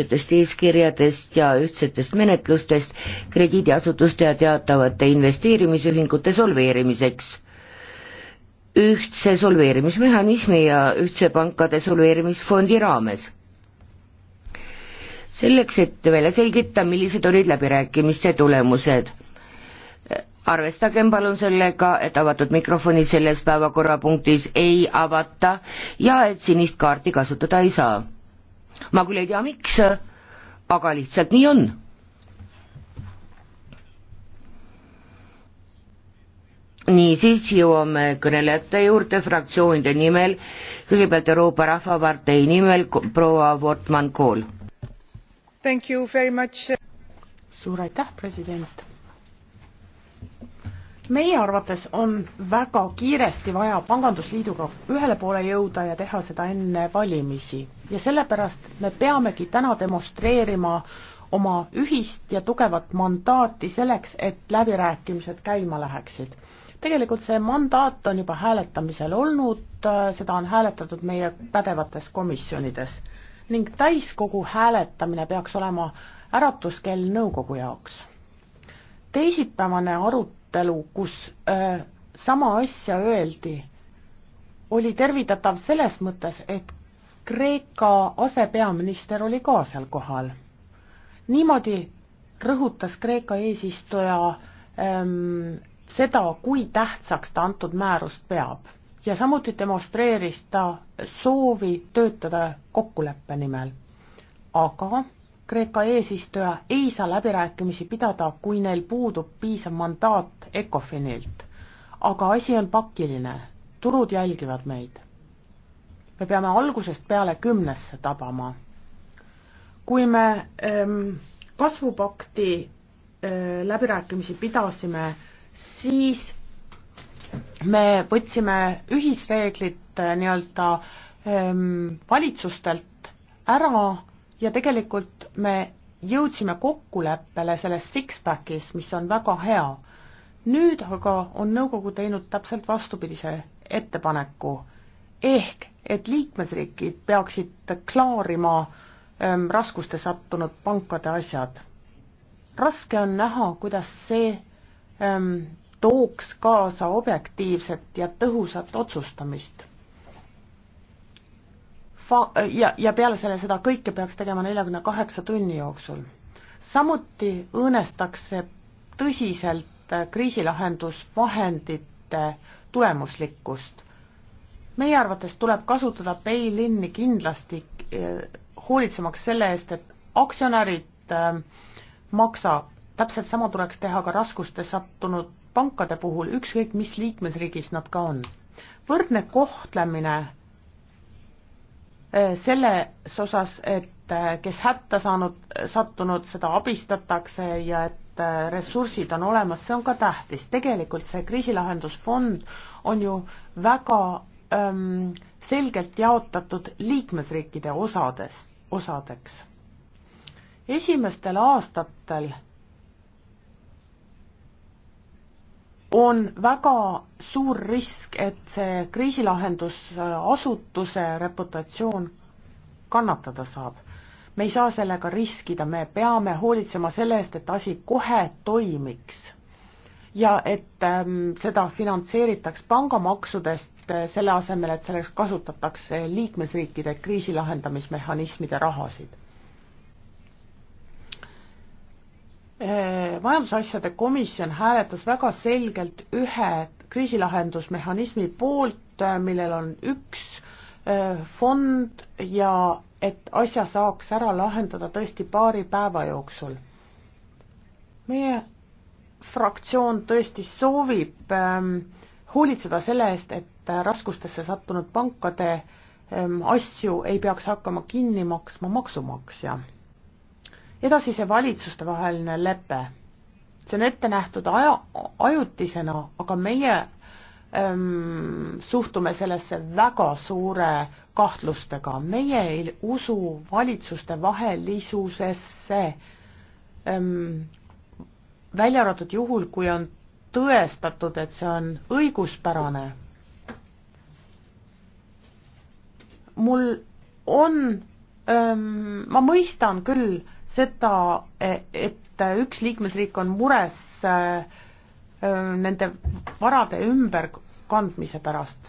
ühtsetest eeskirjadest ja ühtsetest menetlustest krediidiasutuste ja teatavate investeerimisühingute solveerimiseks. ühtse solveerimismehhanismi ja ühtse pankade solveerimisfondi raames. selleks, et välja selgita, millised olid läbirääkimiste tulemused arvestagem palun sellega, et avatud mikrofoni selles päevakorrapunktis ei avata ja et sinist kaarti kasutada ei saa ma küll ei tea, miks, aga lihtsalt nii on. niisiis jõuame kõnelejate juurde fraktsioonide nimel, kõigepealt Euroopa Rahvapartei nimel proua Wortmann-Kool. suur aitäh, president meie arvates on väga kiiresti vaja pangandusliiduga ühele poole jõuda ja teha seda enne valimisi ja sellepärast me peamegi täna demonstreerima oma ühist ja tugevat mandaati selleks, et läbirääkimised käima läheksid. tegelikult see mandaat on juba hääletamisel olnud, seda on hääletatud meie pädevates komisjonides ning täiskogu hääletamine peaks olema äratuskell nõukogu jaoks. teisipäevane arut-, arutelu, kus öö, äh, sama asja öeldi, oli tervitatav selles mõttes, et Kreeka asepeaminister oli ka seal kohal. niimoodi rõhutas Kreeka eesistuja ähm, seda, kui tähtsaks ta antud määrust peab ja samuti demonstreeris ta soovi töötada kokkuleppe nimel. aga Kreeka eesistuja ei saa läbirääkimisi pidada, kui neil puudub piisav mandaat ECOFINilt. aga asi on pakiline, turud jälgivad meid. me peame algusest peale kümnesse tabama. kui me ähm, kasvupakti äh, läbirääkimisi pidasime, siis me võtsime ühisreeglid äh, nii-öelda ähm, valitsustelt ära ja tegelikult me jõudsime kokkuleppele selles six-packis, mis on väga hea. nüüd aga on nõukogu teinud täpselt vastupidise ettepaneku, ehk et liikmesriigid peaksid klaarima ähm, raskuste sattunud pankade asjad. raske on näha, kuidas see ähm, tooks kaasa objektiivset ja tõhusat otsustamist fa-, äh, ja, ja peale selle seda kõike peaks tegema neljakümne kaheksa tunni jooksul. samuti õõnestaks see tõsiselt äh, kriisilahendusvahendite tulemuslikkust. meie arvates tuleb kasutada bail-in'i kindlasti äh, hoolitsemaks selle eest, et aktsionärid maksa, täpselt sama tuleks teha ka raskuste sattunud pankade puhul, ükskõik mis liikmesriigis nad ka on. võrdne kohtlemine Äh, selles osas, et äh, kes hätta saanud, sattunud, seda abistatakse ja et äh, ressursid on olemas, see on ka tähtis. tegelikult see kriisilahendusfond on ju väga ähm, selgelt jaotatud liikmesriikide osades, osadeks. esimestel aastatel on väga suur risk, et see kriisilahendusasutuse reputatsioon kannatada saab. me ei saa sellega riskida, me peame hoolitsema selle eest, et asi kohe toimiks ja et ähm, seda finantseeritaks pangamaksudest äh, selle asemel, et selleks kasutatakse liikmesriikide kriisi lahendamismehhanismide rahasid Äh, majandusasjade komisjon hääletas väga selgelt ühe kriisilahendusmehhanismi poolt, äh, millel on üks äh, fond ja et asja saaks ära lahendada tõesti paari päeva jooksul. meie fraktsioon tõesti soovib ähm, hoolitseda selle eest, et raskustesse sattunud pankade ähm, asju ei peaks hakkama kinni maksma maksumaksja edasise valitsustevaheline lepe. see on ette nähtud aja, ajutisena, aga meie ähm, suhtume sellesse väga suure kahtlustega, meie ei usu valitsustevahelisusesse ähm,, välja arvatud juhul, kui on tõestatud, et see on õiguspärane. mul on ähm,, ma mõistan küll seda, et üks liikmesriik on mures äh, nende varade ümberkandmise pärast.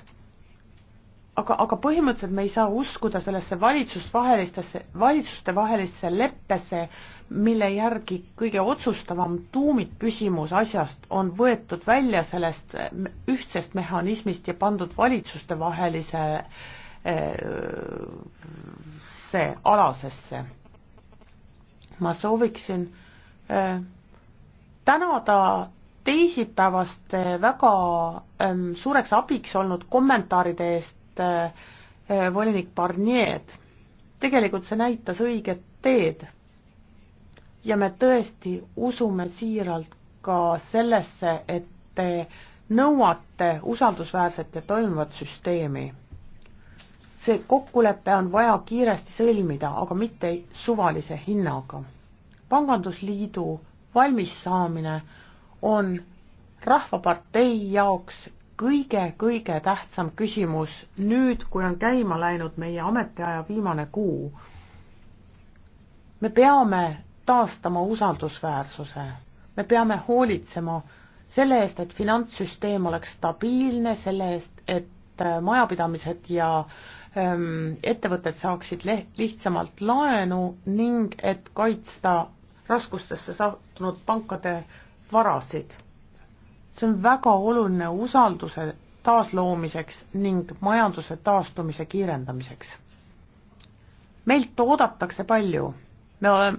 aga, aga põhimõtteliselt me ei saa uskuda sellesse valitsusvahelistesse, valitsustevahelisse leppesse, mille järgi kõige otsustavam tuumikküsimus asjast on võetud välja sellest ühtsest mehhanismist ja pandud valitsustevahelise äh, see alasesse ma sooviksin äh, tänada teisipäevast väga ähm, suureks abiks olnud kommentaaride eest äh, äh, volinik Barnier'd. tegelikult see näitas õiget teed. ja me tõesti usume siiralt ka sellesse, et te nõuate usaldusväärset ja toimivat süsteemi see kokkulepe on vaja kiiresti sõlmida, aga mitte suvalise hinnaga. pangandusliidu valmis saamine on Rahvapartei jaoks kõige-kõige tähtsam küsimus nüüd, kui on käima läinud meie ametiaja viimane kuu. me peame taastama usaldusväärsuse, me peame hoolitsema selle eest, et finantssüsteem oleks stabiilne, selle eest, et majapidamised ja äh, Ähm, ettevõtted saaksid le-, lihtsamalt laenu ning et kaitsta raskustesse sattunud pankade varasid. see on väga oluline usalduse taasloomiseks ning majanduse taastumise kiirendamiseks. meilt oodatakse palju, me oleme,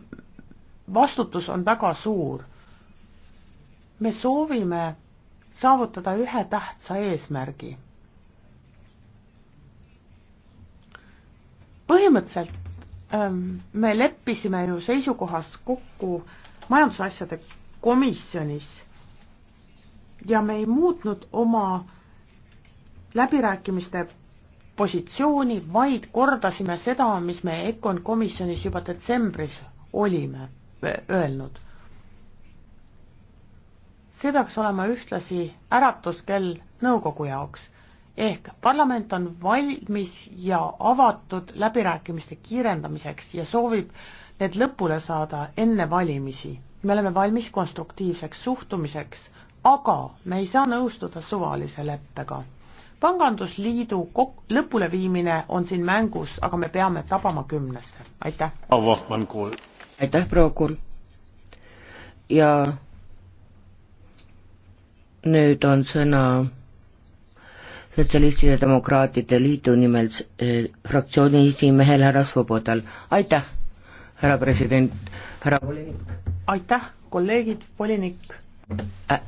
vastutus on väga suur. me soovime saavutada ühe tähtsa eesmärgi põhimõtteliselt ähm, me leppisime ju seisukohas kokku majandusasjade komisjonis ja me ei muutnud oma läbirääkimiste positsiooni, vaid kordasime seda, mis me EKON komisjonis juba detsembris olime öelnud. see peaks olema ühtlasi äratuskell nõukogu jaoks ehk parlament on valmis ja avatud läbirääkimiste kiirendamiseks ja soovib need lõpule saada enne valimisi. me oleme valmis konstruktiivseks suhtumiseks, aga me ei saa nõustuda suvalise leppega. pangandusliidu kok-, lõpuleviimine on siin mängus, aga me peame tabama kümnesse, aitäh. aitäh, proua Kull. ja nüüd on sõna Sotsialistide Demokraatide Liidu nimel äh, fraktsiooni esimehel härra Svobodal. aitäh, härra president, härra volinik. aitäh, kolleegid, volinik.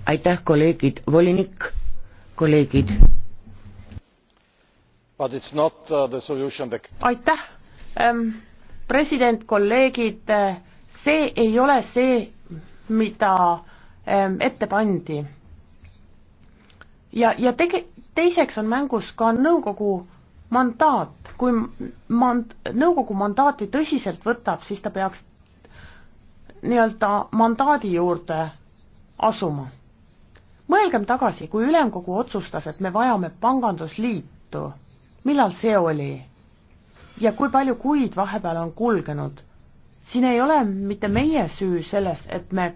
aitäh, kolleegid, volinik, kolleegid. Uh, aitäh ähm,, president, kolleegid, äh, see ei ole see, mida ähm, ette pandi. ja, ja tege-, teiseks on mängus ka nõukogu mandaat, kui mand-, nõukogu mandaati tõsiselt võtab, siis ta peaks nii-öelda mandaadi juurde asuma. mõelgem tagasi, kui ülemkogu otsustas, et me vajame pangandusliitu, millal see oli? ja kui palju kuid vahepeal on kulgenud? siin ei ole mitte meie süü selles, et me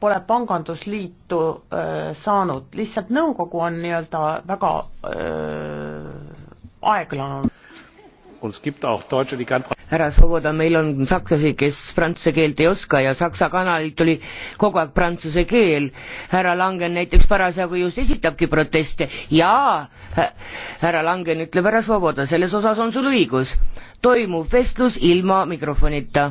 pole pangandusliitu öö, saanud, lihtsalt nõukogu on nii-öelda väga aeglane. härra Soboda, meil on sakslasi, kes prantsuse keelt ei oska ja Saksa kanalilt oli kogu aeg prantsuse keel. härra Langen näiteks parasjagu just esitabki proteste ja härra Langen ütleb, härra Soboda, selles osas on sul õigus. toimub vestlus ilma mikrofonita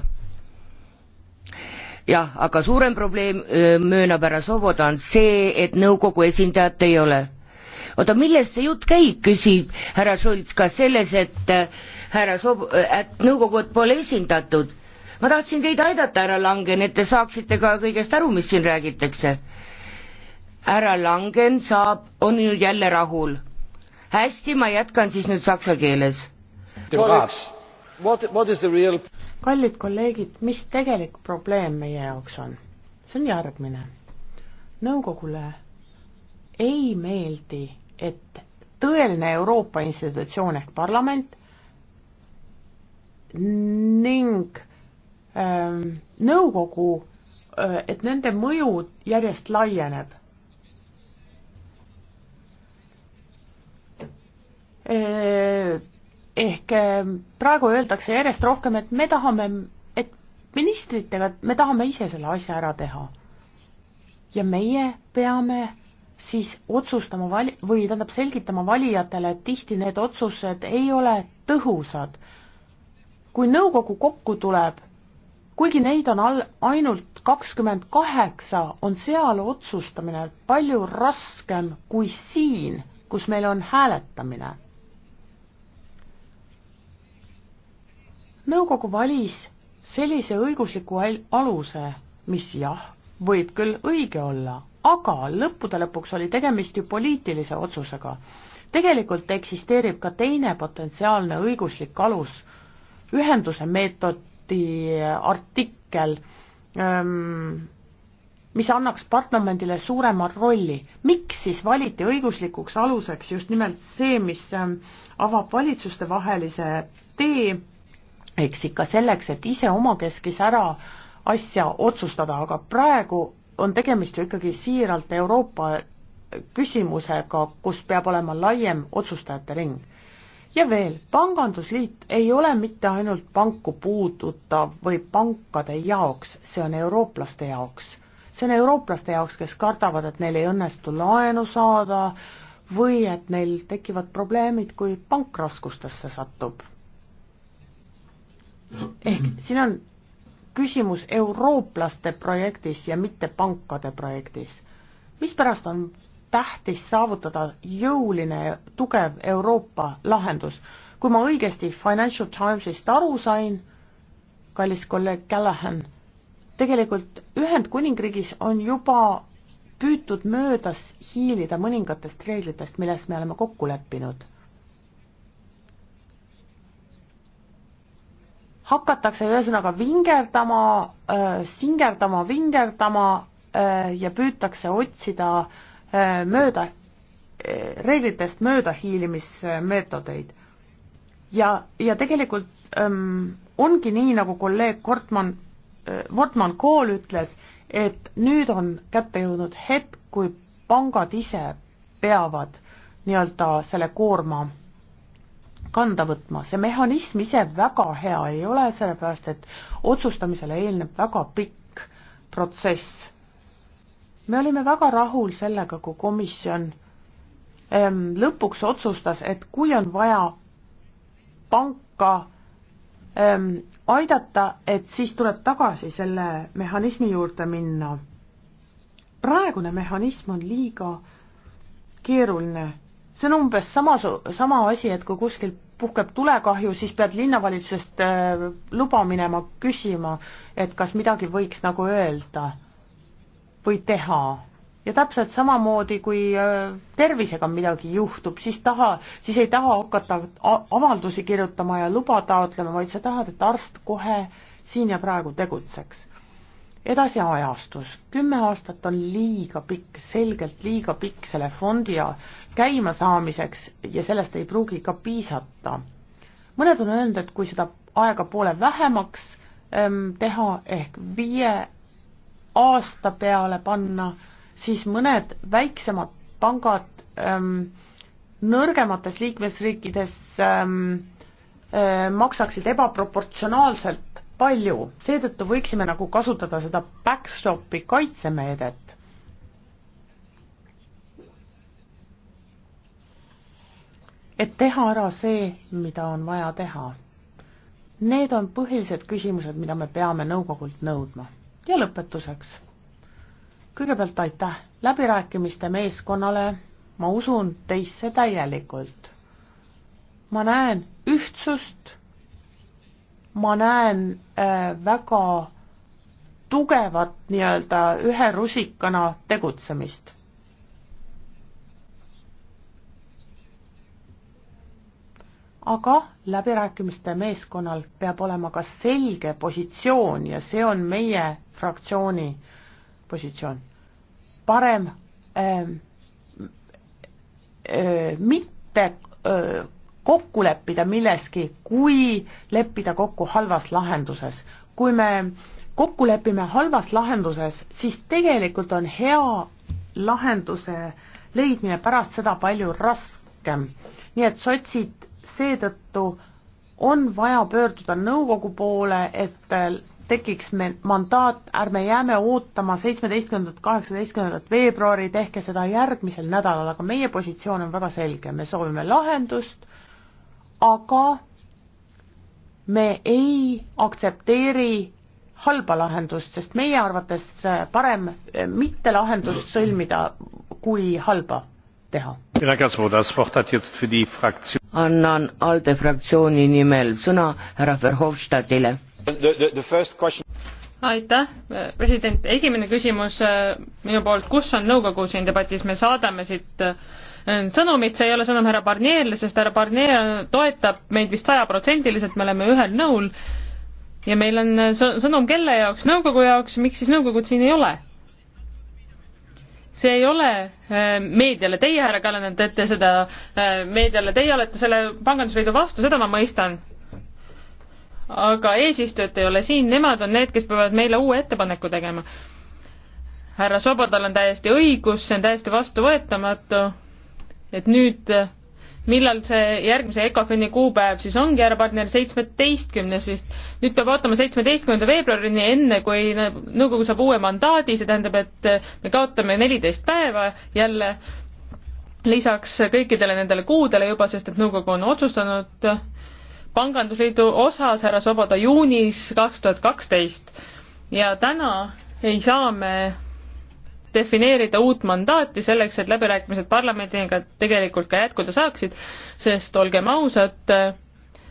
jah, aga suurem probleem, möönab härra Soboda, on see, et nõukogu esindajat ei ole. oota, millest see jutt käib, küsib härra Schultz, kas selles, et äh, härra Sob-, äh, et nõukogud pole esindatud? ma tahtsin teid aidata, härra Langen, et te saaksite ka kõigest aru, mis siin räägitakse. härra Langen saab, on nüüd jälle rahul. hästi, ma jätkan siis nüüd saksa keeles. What, what is the real kallid kolleegid, mis tegelik probleem meie jaoks on? see on järgmine. nõukogule ei meeldi, et tõeline Euroopa institutsioon ehk parlament ning ähm, nõukogu, äh, et nende mõju järjest laieneb. Äh, ehk ehm, praegu öeldakse järjest rohkem, et me tahame, et ministritega, me tahame ise selle asja ära teha. ja meie peame siis otsustama vali-, või tähendab, selgitama valijatele, et tihti need otsused ei ole tõhusad. kui nõukogu kokku tuleb, kuigi neid on all, ainult kakskümmend kaheksa, on seal otsustamine palju raskem kui siin, kus meil on hääletamine nõukogu valis sellise õigusliku aluse, mis jah, võib küll õige olla, aga lõppude lõpuks oli tegemist ju poliitilise otsusega. tegelikult eksisteerib ka teine potentsiaalne õiguslik alus, ühenduse meetodi artikkel, ähm, mis annaks parlamendile suurema rolli. miks siis valiti õiguslikuks aluseks just nimelt see, mis ähm, avab valitsustevahelise tee eks ikka selleks, et ise omakeskis ära asja otsustada, aga praegu on tegemist ju ikkagi siiralt Euroopa küsimusega, kus peab olema laiem otsustajate ring. ja veel, pangandusliit ei ole mitte ainult panku puudutav või pankade jaoks, see on eurooplaste jaoks. see on eurooplaste jaoks, kes kardavad, et neil ei õnnestu laenu saada või et neil tekivad probleemid, kui pank raskustesse satub ehk siin on küsimus eurooplaste projektis ja mitte pankade projektis. mispärast on tähtis saavutada jõuline tugev Euroopa lahendus? kui ma õigesti Financial Timesist aru sain, kallis kolleeg Callahan, tegelikult Ühendkuningriigis on juba püütud möödas hiilida mõningatest reeglitest, milles me oleme kokku leppinud hakatakse ühesõnaga vingerdama, äh, singerdama, vingerdama äh, ja püütakse otsida äh, mööda, reeglitest möödahiilimismeetodeid. ja, ja tegelikult öm, ähm, ongi nii, nagu kolleeg Kortman, Wortmann Kool ütles, et nüüd on kätte jõudnud hetk, kui pangad ise peavad nii-öelda selle koorma kanda võtma, see mehhanism ise väga hea ei ole, sellepärast et otsustamisele eelneb väga pikk protsess. me olime väga rahul sellega, kui komisjon ähm, lõpuks otsustas, et kui on vaja panka ähm, aidata, et siis tuleb tagasi selle mehhanismi juurde minna. praegune mehhanism on liiga keeruline see on umbes sama, sama asi, et kui kuskil puhkeb tulekahju, siis pead linnavalitsusest äh, luba minema küsima, et kas midagi võiks nagu öelda või teha. ja täpselt samamoodi, kui äh, tervisega midagi juhtub, siis taha, siis ei taha hakata avaldusi kirjutama ja luba taotlema, vaid sa tahad, et arst kohe siin ja praegu tegutseks edasi ajastus, kümme aastat on liiga pikk, selgelt liiga pikk selle fondi käima saamiseks ja sellest ei pruugi ka piisata. mõned on öelnud, et kui seda aega poole vähemaks ähm, teha ehk viie aasta peale panna, siis mõned väiksemad pangad ähm, nõrgemates liikmesriikides ähm, äh, maksaksid ebaproportsionaalselt palju, seetõttu võiksime nagu kasutada seda backstopi kaitsemeedet. et teha ära see, mida on vaja teha. Need on põhilised küsimused, mida me peame nõukogult nõudma. ja lõpetuseks. kõigepealt aitäh läbirääkimiste meeskonnale, ma usun teisse täielikult. ma näen ühtsust ma näen äh, väga tugevat nii-öelda ühe rusikana tegutsemist. aga läbirääkimiste meeskonnal peab olema ka selge positsioon ja see on meie fraktsiooni positsioon. parem äh, äh, mitte äh, kokku leppida milleski, kui leppida kokku halvas lahenduses. kui me kokku lepime halvas lahenduses, siis tegelikult on hea lahenduse leidmine pärast seda palju raskem. nii et sotsid seetõttu on vaja pöörduda nõukogu poole, et äh, tekiks me mandaat, ärme jääme ootama seitsmeteistkümnendat, kaheksateistkümnendat veebruari, tehke seda järgmisel nädalal, aga meie positsioon on väga selge, me soovime lahendust aga me ei aktsepteeri halba lahendust, sest meie arvates parem mitte lahendust sõlmida, kui halba teha. annan ALDE fraktsiooni nimel sõna härra Verhofstadile. aitäh, president, esimene küsimus äh, minu poolt, kus on nõukogu siin debatis, me saadame siit äh, Äh, sõnumit, see ei ole sõnum härra Barnierile, sest härra Barnier toetab meid vist sajaprotsendiliselt, me oleme ühel nõul ja meil on äh, sõnum kelle jaoks, nõukogu jaoks, miks siis nõukogud siin ei ole? see ei ole äh, meediale teie, härra Kalland, teete seda meediale, teie olete selle pangandusliidu vastu, seda ma mõistan. aga eesistujat ei ole siin, nemad on need, kes peavad meile uue ettepaneku tegema. härra Sobodal on täiesti õigus, see on täiesti vastuvõetamatu et nüüd äh, millal see järgmise ECOFIN-i kuupäev siis ongi, härra partner, seitsmeteistkümnes vist. nüüd peab ootama seitsmeteistkümnenda veebruarini, enne kui nõukogu saab uue mandaadi, see tähendab, et äh, me kaotame neliteist päeva jälle lisaks kõikidele nendele kuudele juba, sest et nõukogu on otsustanud äh, pangandusliidu osas härra Soboda juunis kaks tuhat kaksteist ja täna ei saa me defineerida uut mandaati selleks, et läbirääkimised parlamendiga tegelikult ka jätkuda saaksid, sest olgem ausad,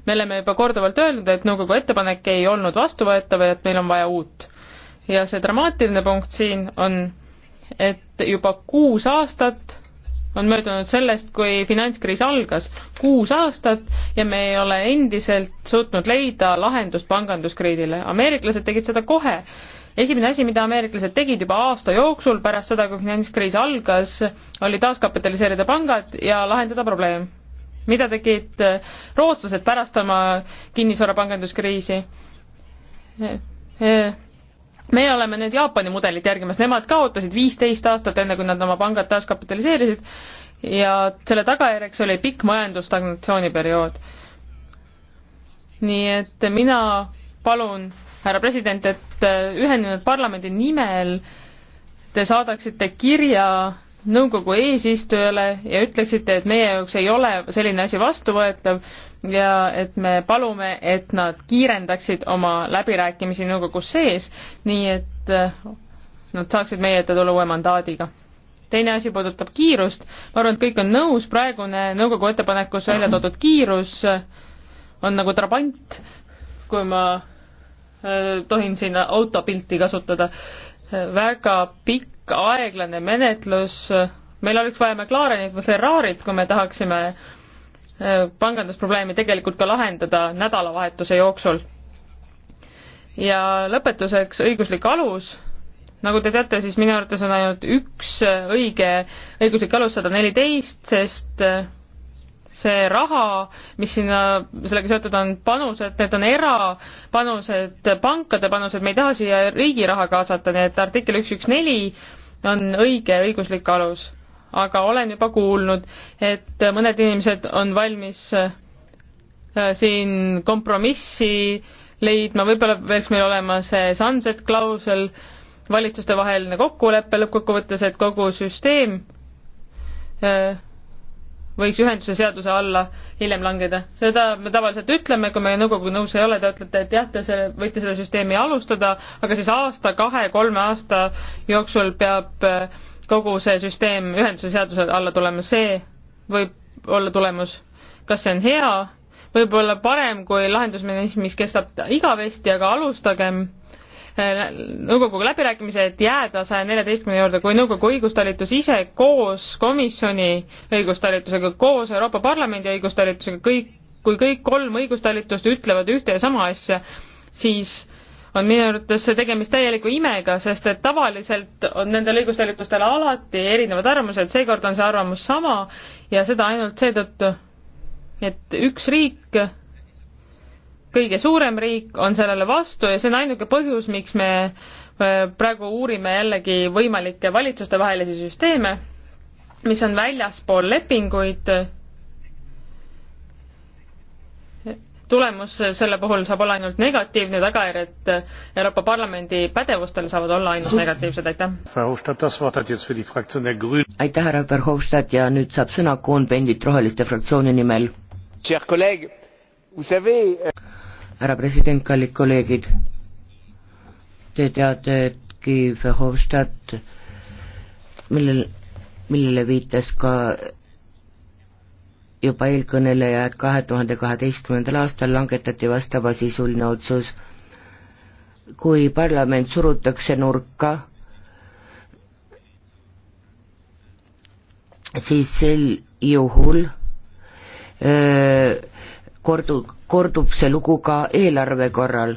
me oleme juba korduvalt öelnud, et nõukogu ettepanek ei olnud vastuvõetav ja et meil on vaja uut. ja see dramaatiline punkt siin on, et juba kuus aastat on möödunud sellest, kui finantskriis algas, kuus aastat ja me ei ole endiselt suutnud leida lahendust panganduskriidile. ameeriklased tegid seda kohe esimene asi, mida ameeriklased tegid juba aasta jooksul pärast seda, kui finantskriis algas, oli taaskapitaliseerida pangad ja lahendada probleem. mida tegid äh, rootslased pärast oma kinnisvarapanganduskriisi? Äh, meie oleme nüüd Jaapani mudelit järgimas, nemad ka ootasid viisteist aastat, enne kui nad oma pangad taaskapitaliseerisid ja selle tagajärjeks oli pikk majandusstagnatsiooniperiood. nii et mina palun härra president, et äh, Ühenenud Parlamendi nimel te saadaksite kirja nõukogu eesistujale ja ütleksite, et meie jaoks ei ole selline asi vastuvõetav ja et me palume, et nad kiirendaksid oma läbirääkimisi nõukogus sees, nii et äh, nad saaksid meie ette tulla uue mandaadiga. teine asi puudutab kiirust, ma arvan, et kõik on nõus, praegune nõukogu ettepanekus välja toodud kiirus on nagu trabant, kui ma Äh, tohin siin autopilti kasutada, äh, väga pikk aeglane menetlus, meil oleks vaja McLarenit või Ferrarit, kui me tahaksime äh, pangandusprobleemi tegelikult ka lahendada nädalavahetuse jooksul. ja lõpetuseks õiguslik alus, nagu te teate, siis minu arvates on ainult üks õige õiguslik alus sada neliteist, sest see raha, mis sinna, sellega seotud on panused, need on erapanused, pankade panused, me ei taha siia riigi raha kaasata, nii et artikkel üks, üks, neli on õige õiguslik alus. aga olen juba kuulnud, et mõned inimesed on valmis äh, siin kompromissi leidma, võib-olla peaks meil olema see sunset klausel, valitsustevaheline kokkulepe lõppkokkuvõttes, et kogu süsteem äh, võiks ühenduse seaduse alla hiljem langeda. seda me tavaliselt ütleme, kui me nõukoguga nõus ei ole, te ütlete, et jah, te selle, võite selle süsteemi alustada, aga siis aasta, kahe, kolme aasta jooksul peab äh, kogu see süsteem ühenduse seaduse alla tulema, see võib olla tulemus. kas see on hea, võib-olla parem kui lahendusmehhanism, mis kestab igavesti, aga alustagem Äh, nõukoguga läbirääkimised jääda saja neljateistkümne juurde, kui nõukogu õigustalitus ise koos komisjoni õigustalitusega, koos Euroopa Parlamendi õigustalitusega, kõik, kui kõik kolm õigustalitust ütlevad ühte ja sama asja, siis on minu arvates tegemist täieliku imega, sest et tavaliselt on nendel õigustalitustel alati erinevad arvamused, seekord on see arvamus sama ja seda ainult seetõttu, et üks riik kõige suurem riik on sellele vastu ja see on ainuke põhjus, miks me praegu uurime jällegi võimalikke valitsustevahelisi süsteeme, mis on väljaspool lepinguid. tulemus selle puhul saab olla ainult negatiivne, tagajärjed Euroopa Parlamendi pädevustel saavad olla ainult negatiivsed, aitäh. aitäh, härra Verhofstadt ja nüüd saab sõna Kohn-Bendit Roheliste fraktsiooni nimel. Chers collègues, vous savez euh, härra president, kallid kolleegid. Te teate, et Guy Verhofstadt, millel, millele viitas ka juba eelkõneleja, et kahe tuhande kaheteistkümnendal aastal langetati vastavasisuline otsus. kui parlament surutakse nurka, siis sel juhul öö, äh, kordu-, kordub see lugu ka eelarve korral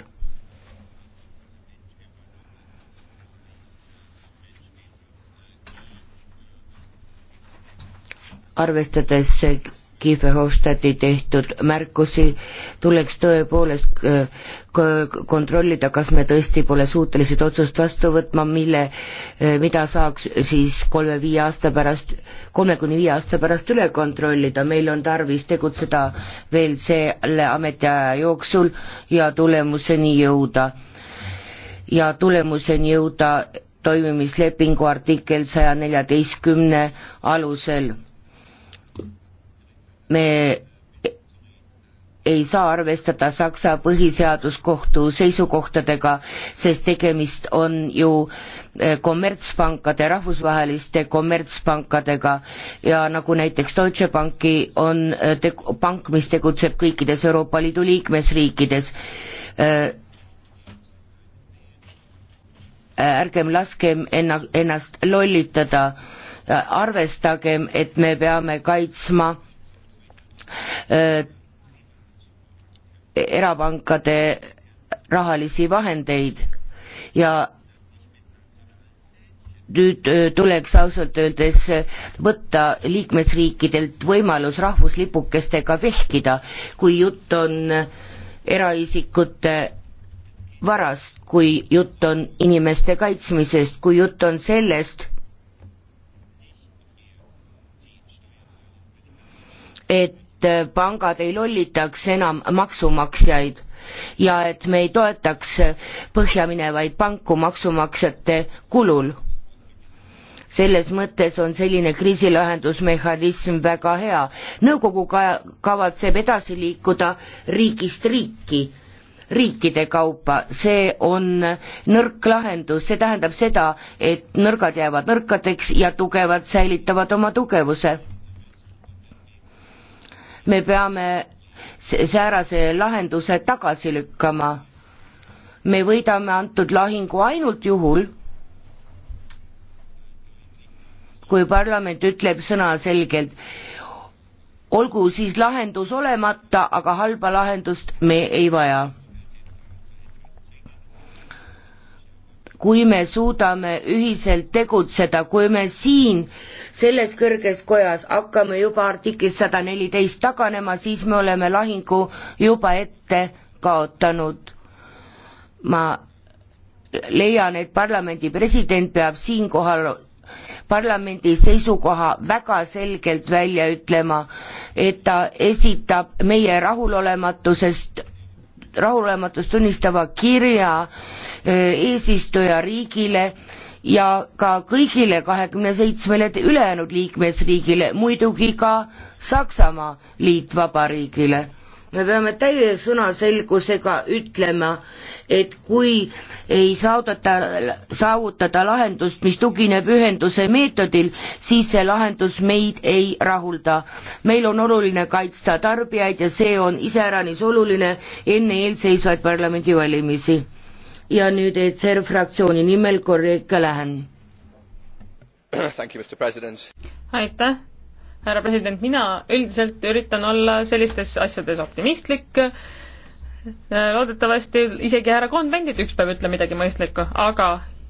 arvestades Kiefer-Hofstadti tehtud märkusi, tuleks tõepoolest äh, kontrollida, kas me tõesti pole suutelised otsust vastu võtma, mille, äh, mida saaks siis kolme-viie aasta pärast, kolme kuni viie aasta pärast üle kontrollida, meil on tarvis tegutseda veel selle ametiaja jooksul ja tulemuseni jõuda. ja tulemuseni jõuda toimimislepingu artikkel saja neljateistkümne alusel me ei saa arvestada Saksa põhiseaduskohtu seisukohtadega, sest tegemist on ju eh, kommertspankade, rahvusvaheliste kommertspankadega ja nagu näiteks Deutsche Banki on eh, te-, pank, mis tegutseb kõikides Euroopa Liidu liikmesriikides. Eh, ärgem laskem enna-, ennast lollitada, arvestagem, et me peame kaitsma erapankade rahalisi vahendeid ja nüüd tuleks ausalt öeldes võtta liikmesriikidelt võimalus rahvuslipukestega vehkida, kui jutt on eraisikute varast, kui jutt on inimeste kaitsmisest, kui jutt on sellest, et et pangad ei lollitaks enam maksumaksjaid ja et me ei toetaks põhja minevaid panku maksumaksjate kulul. selles mõttes on selline kriisilahendusmehhanism väga hea. nõukogu ka-, kavatseb edasi liikuda riigist riiki riikide kaupa, see on nõrk lahendus, see tähendab seda, et nõrgad jäävad nõrkadeks ja tugevad säilitavad oma tugevuse me peame säärase lahenduse tagasi lükkama. me võidame antud lahingu ainult juhul, kui parlament ütleb sõnaselgelt, olgu siis lahendus olemata, aga halba lahendust me ei vaja kui me suudame ühiselt tegutseda, kui me siin selles kõrges kojas hakkame juba artiklist sada neliteist taganema, siis me oleme lahingu juba ette kaotanud. ma leian, et parlamendi president peab siinkohal parlamendi seisukoha väga selgelt välja ütlema, et ta esitab meie rahulolematusest, rahulolematust tunnistava kirja äh, Eh, eesistujariigile ja ka kõigile kahekümne seitsmele ülejäänud liikmesriigile, muidugi ka Saksamaa liitvabariigile. me peame täie sõnaselgusega ütlema, et kui ei saadata, saavutada lahendust, mis tugineb ühenduse meetodil, siis see lahendus meid ei rahulda. meil on oluline kaitsta tarbijaid ja see on iseäranis oluline enne eelseisvaid parlamendivalimisi ja nüüd ECR fraktsiooni nimel kolleeg Kälähen. aitäh, härra president, mina üldiselt üritan olla sellistes asjades optimistlik loodetavasti isegi härra konvendid üks päev ütleb midagi mõistlikku, aga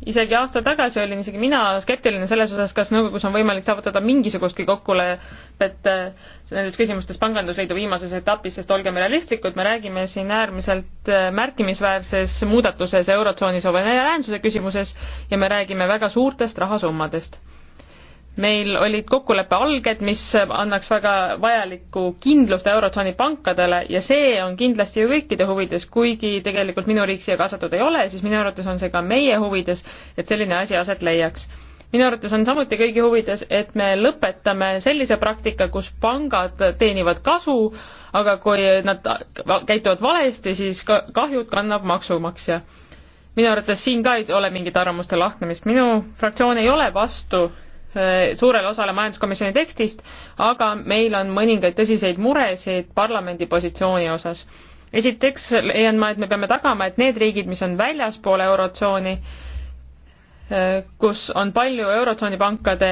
isegi aasta tagasi olin isegi mina skeptiline selles osas, kas nõukogus on võimalik saavutada mingisugustki kokkule, kokkulepet äh, nendes küsimustes Pangandusliidu viimases etapis, sest olgem realistlikud, me räägime siin äärmiselt äh, märkimisväärses muudatuses Eurotsooni suveräänsuse küsimuses ja me räägime väga suurtest rahasummadest. meil olid kokkuleppe alged, mis annaks väga vajalikku kindlust Eurotsooni pankadele ja see on kindlasti ju kõikide huvides, kuigi tegelikult minu riik siia kaasatud ei ole, siis minu arvates on see ka meie huvides, et selline asi aset leiaks minu arvates on samuti kõigi huvides, et me lõpetame sellise praktika, kus pangad teenivad kasu, aga kui nad käituvad valesti, siis kahjud kannab maksumaksja. minu arvates siin ka ei ole mingit arvamuste lahknemist, minu fraktsioon ei ole vastu äh, suurele osale majanduskomisjoni tekstist, aga meil on mõningaid tõsiseid muresid parlamendi positsiooni osas. esiteks leian ma, et me peame tagama, et need riigid, mis on väljaspool Eurotsooni, kus on palju Eurotsooni pankade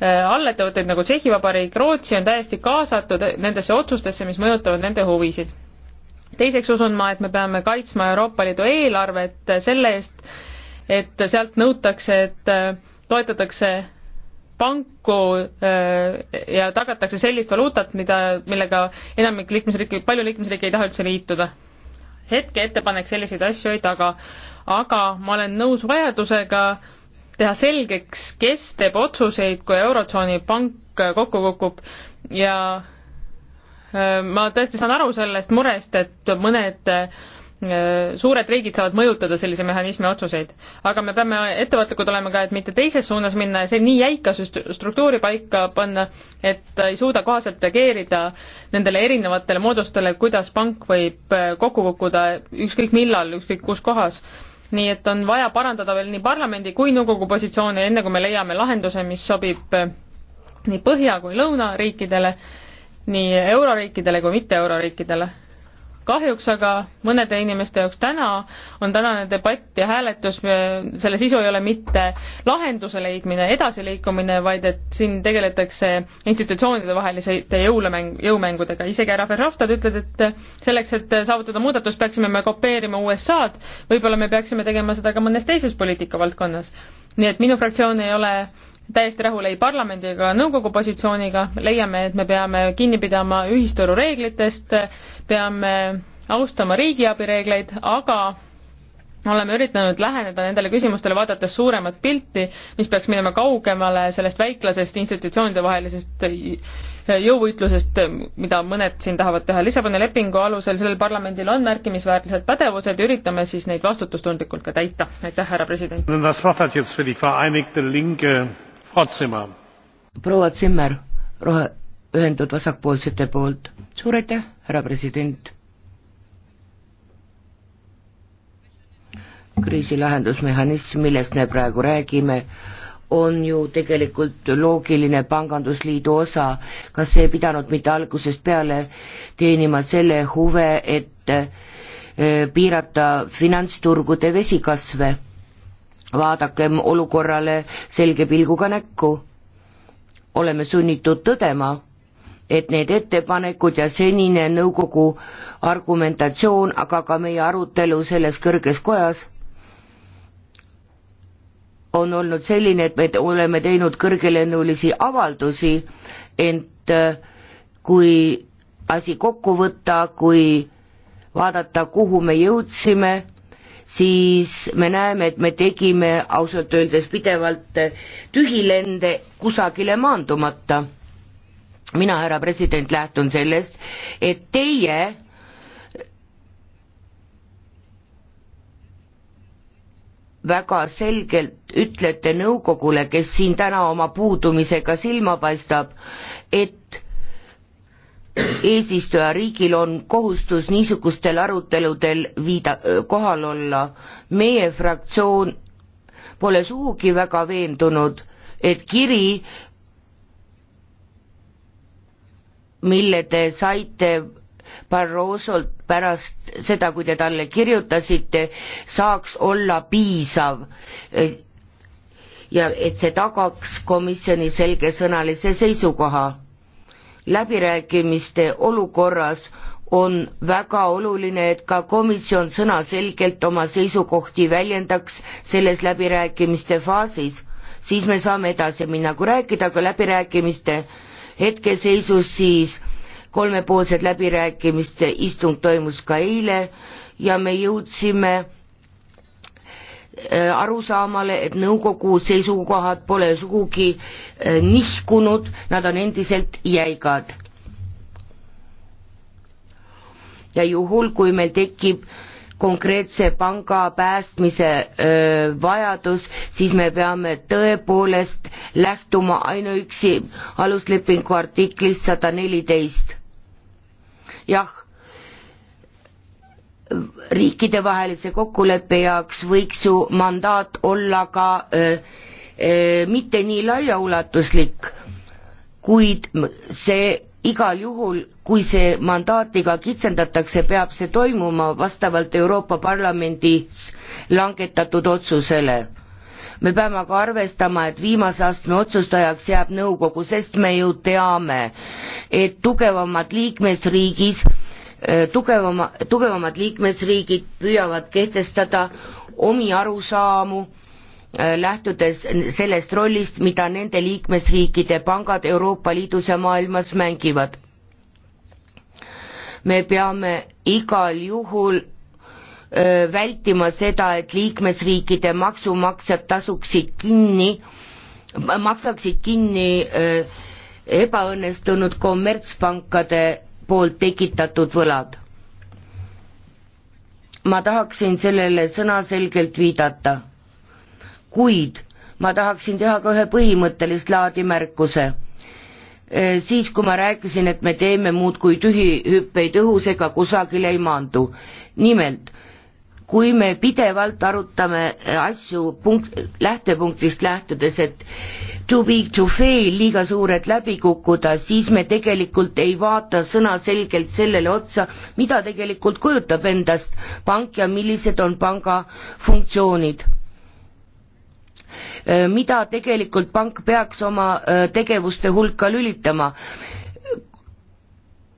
äh, allettevõtteid nagu Tšehhi Vabariik, Rootsi on täiesti kaasatud nendesse otsustesse, mis mõjutavad nende huvisid. teiseks usun ma, et me peame kaitsma Euroopa Liidu eelarvet selle eest, et sealt nõutakse, et äh, toetatakse panku äh, ja tagatakse sellist valuutat, mida, millega enamik liikmesriike, palju liikmesriike ei taha üldse liituda. hetke ettepanek selliseid asju ei taga aga ma olen nõus vajadusega teha selgeks, kes teeb otsuseid, kui Eurotsooni pank kokku kukub ja äh, ma tõesti saan aru sellest murest, et mõned äh, suured riigid saavad mõjutada sellise mehhanismi otsuseid. aga me peame ettevaatlikud olema ka, et mitte teises suunas minna ja see nii jäika struktuuri paika panna, et ei suuda kohaselt reageerida nendele erinevatele moodustele, kuidas pank võib äh, kokku kukkuda ükskõik millal, ükskõik kus kohas nii et on vaja parandada veel nii parlamendi kui nõukogu positsioone, enne kui me leiame lahenduse, mis sobib eh, nii põhja kui lõunariikidele, nii euroriikidele kui mitte euroriikidele kahjuks aga mõnede inimeste jaoks täna on tänane debatt ja hääletus, selle sisu ei ole mitte lahenduse leidmine, edasiliikumine, vaid et siin tegeletakse institutsioonide vaheliste jõulemäng, jõumängudega. isegi härra Verhofstadt ütleb, et selleks, et saavutada muudatust, peaksime me kopeerima USA-d, võib-olla me peaksime tegema seda ka mõnes teises poliitikavaldkonnas. nii et minu fraktsioon ei ole täiesti rahul ei parlamendi ega nõukogu positsiooniga, leiame, et me peame kinni pidama ühisturu reeglitest, peame austama riigiabi reegleid, aga oleme üritanud läheneda nendele küsimustele, vaadates suuremat pilti, mis peaks minema kaugemale sellest väiklasest institutsioonide vahelisest jõuvõitlusest, mida mõned siin tahavad teha. Lissaboni lepingu alusel sellel parlamendil on märkimisväärselt pädevused ja üritame siis neid vastutustundlikult ka täita. aitäh, härra president! proua Zimmer, rohe, ühendatud vasakpoolsete poolt, suur aitäh, härra president. kriisi lahendusmehhanism, millest me praegu räägime, on ju tegelikult loogiline pangandusliidu osa, kas ei pidanud mitte algusest peale teenima selle huve, et eh, piirata finantsturgude vesikasve vaadakem olukorrale selge pilguga näkku. oleme sunnitud tõdema, et need ettepanekud ja senine nõukogu argumentatsioon, aga ka meie arutelu selles kõrges kojas on olnud selline, et me oleme teinud kõrgelennulisi avaldusi, ent äh, kui asi kokku võtta, kui vaadata, kuhu me jõudsime siis me näeme, et me tegime ausalt öeldes pidevalt eh, tühilende kusagile maandumata. mina, härra president, lähtun sellest, et teie väga selgelt ütlete nõukogule, kes siin täna oma puudumisega silma paistab, et eesistujariigil on kohustus niisugustel aruteludel viida, kohal olla. meie fraktsioon pole sugugi väga veendunud, et kiri, mille te saite Barrosolt pärast seda, kui te talle kirjutasite, saaks olla piisav ja et see tagaks komisjoni selgesõnalise seisukoha läbirääkimiste olukorras on väga oluline, et ka komisjon sõnaselgelt oma seisukohti väljendaks selles läbirääkimiste faasis, siis me saame edasi minna, kui rääkida ka läbirääkimiste hetkeseisus, siis kolmepoolsed läbirääkimiste istung toimus ka eile ja me jõudsime Äh, arusaamale, et nõukogu seisukohad pole sugugi äh, nihkunud, nad on endiselt jäigad. ja juhul, kui meil tekib konkreetse panga päästmise öö, äh, vajadus, siis me peame tõepoolest lähtuma ainuüksi aluslepingu artiklist sada neliteist. jah riikidevahelise kokkuleppe jaoks võiks ju mandaat olla ka öö, äh, öö, äh, mitte nii laiaulatuslik, kuid see igal juhul, kui see mandaatiga kitsendatakse, peab see toimuma vastavalt Euroopa Parlamendis langetatud otsusele. me peame aga arvestama, et viimase astme otsustajaks jääb nõukogu, sest me ju teame, et tugevamad liikmesriigis Äh, tugevama, tugevamad liikmesriigid püüavad kehtestada omi arusaamu, äh, lähtudes sellest rollist, mida nende liikmesriikide pangad Euroopa Liidus ja maailmas mängivad. me peame igal juhul äh, vältima seda, et liikmesriikide maksumaksjad tasuksid kinni, maksaksid kinni ebaõnnestunud kommertspankade poolt tekitatud võlad. ma tahaksin sellele sõnaselgelt viidata, kuid ma tahaksin teha ka ühe põhimõttelist laadi märkuse. E, siis, kui ma rääkisin, et me teeme muudkui tühihüppeid õhus ega kusagile ei maandu. nimelt, kui me pidevalt arutame asju punkt, lähtepunktist lähtudes, et too big to fail, liiga suured läbi kukkuda, siis me tegelikult ei vaata sõnaselgelt sellele otsa, mida tegelikult kujutab endast pank ja millised on panga funktsioonid äh, mida tegelikult pank peaks oma äh, tegevuste hulka lülitama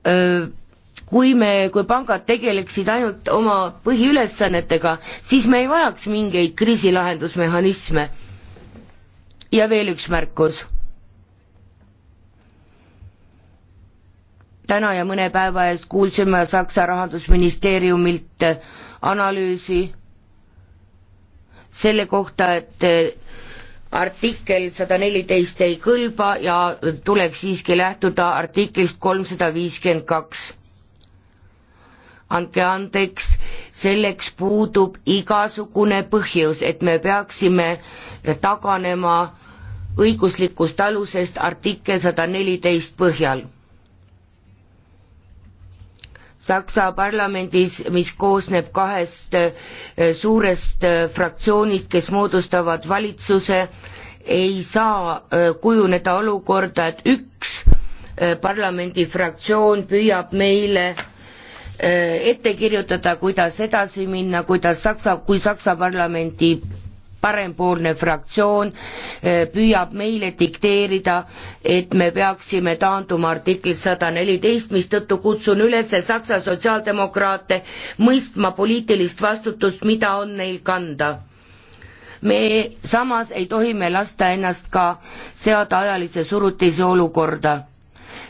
äh, kui me, kui pangad tegeleksid ainult oma põhiülesannetega, siis me ei vajaks mingeid kriisilahendusmehhanisme. ja veel üks märkus. täna ja mõne päeva eest kuulsime Saksa rahandusministeeriumilt analüüsi selle kohta, et eh, artikkel sada neliteist ei kõlba ja tuleks siiski lähtuda artiklist kolmsada viiskümmend kaks andke andeks, selleks puudub igasugune põhjus, et me peaksime taganema õiguslikust alusest artikkel sada neliteist põhjal. Saksa parlamendis, mis koosneb kahest äh, suurest äh, fraktsioonist, kes moodustavad valitsuse, ei saa äh, kujuneda olukorda, et üks parlamendifraktsioon püüab meile äh, Eh, ette kirjutada, kuidas edasi minna, kuidas Saksa, kui Saksa parlamenti parempoolne fraktsioon eh, püüab meile dikteerida, et me peaksime taanduma artiklist sada neliteist, mistõttu kutsun üles Saksa sotsiaaldemokraate mõistma poliitilist vastutust, mida on neil kanda. me samas ei tohi me lasta ennast ka seada ajalise surutise olukorda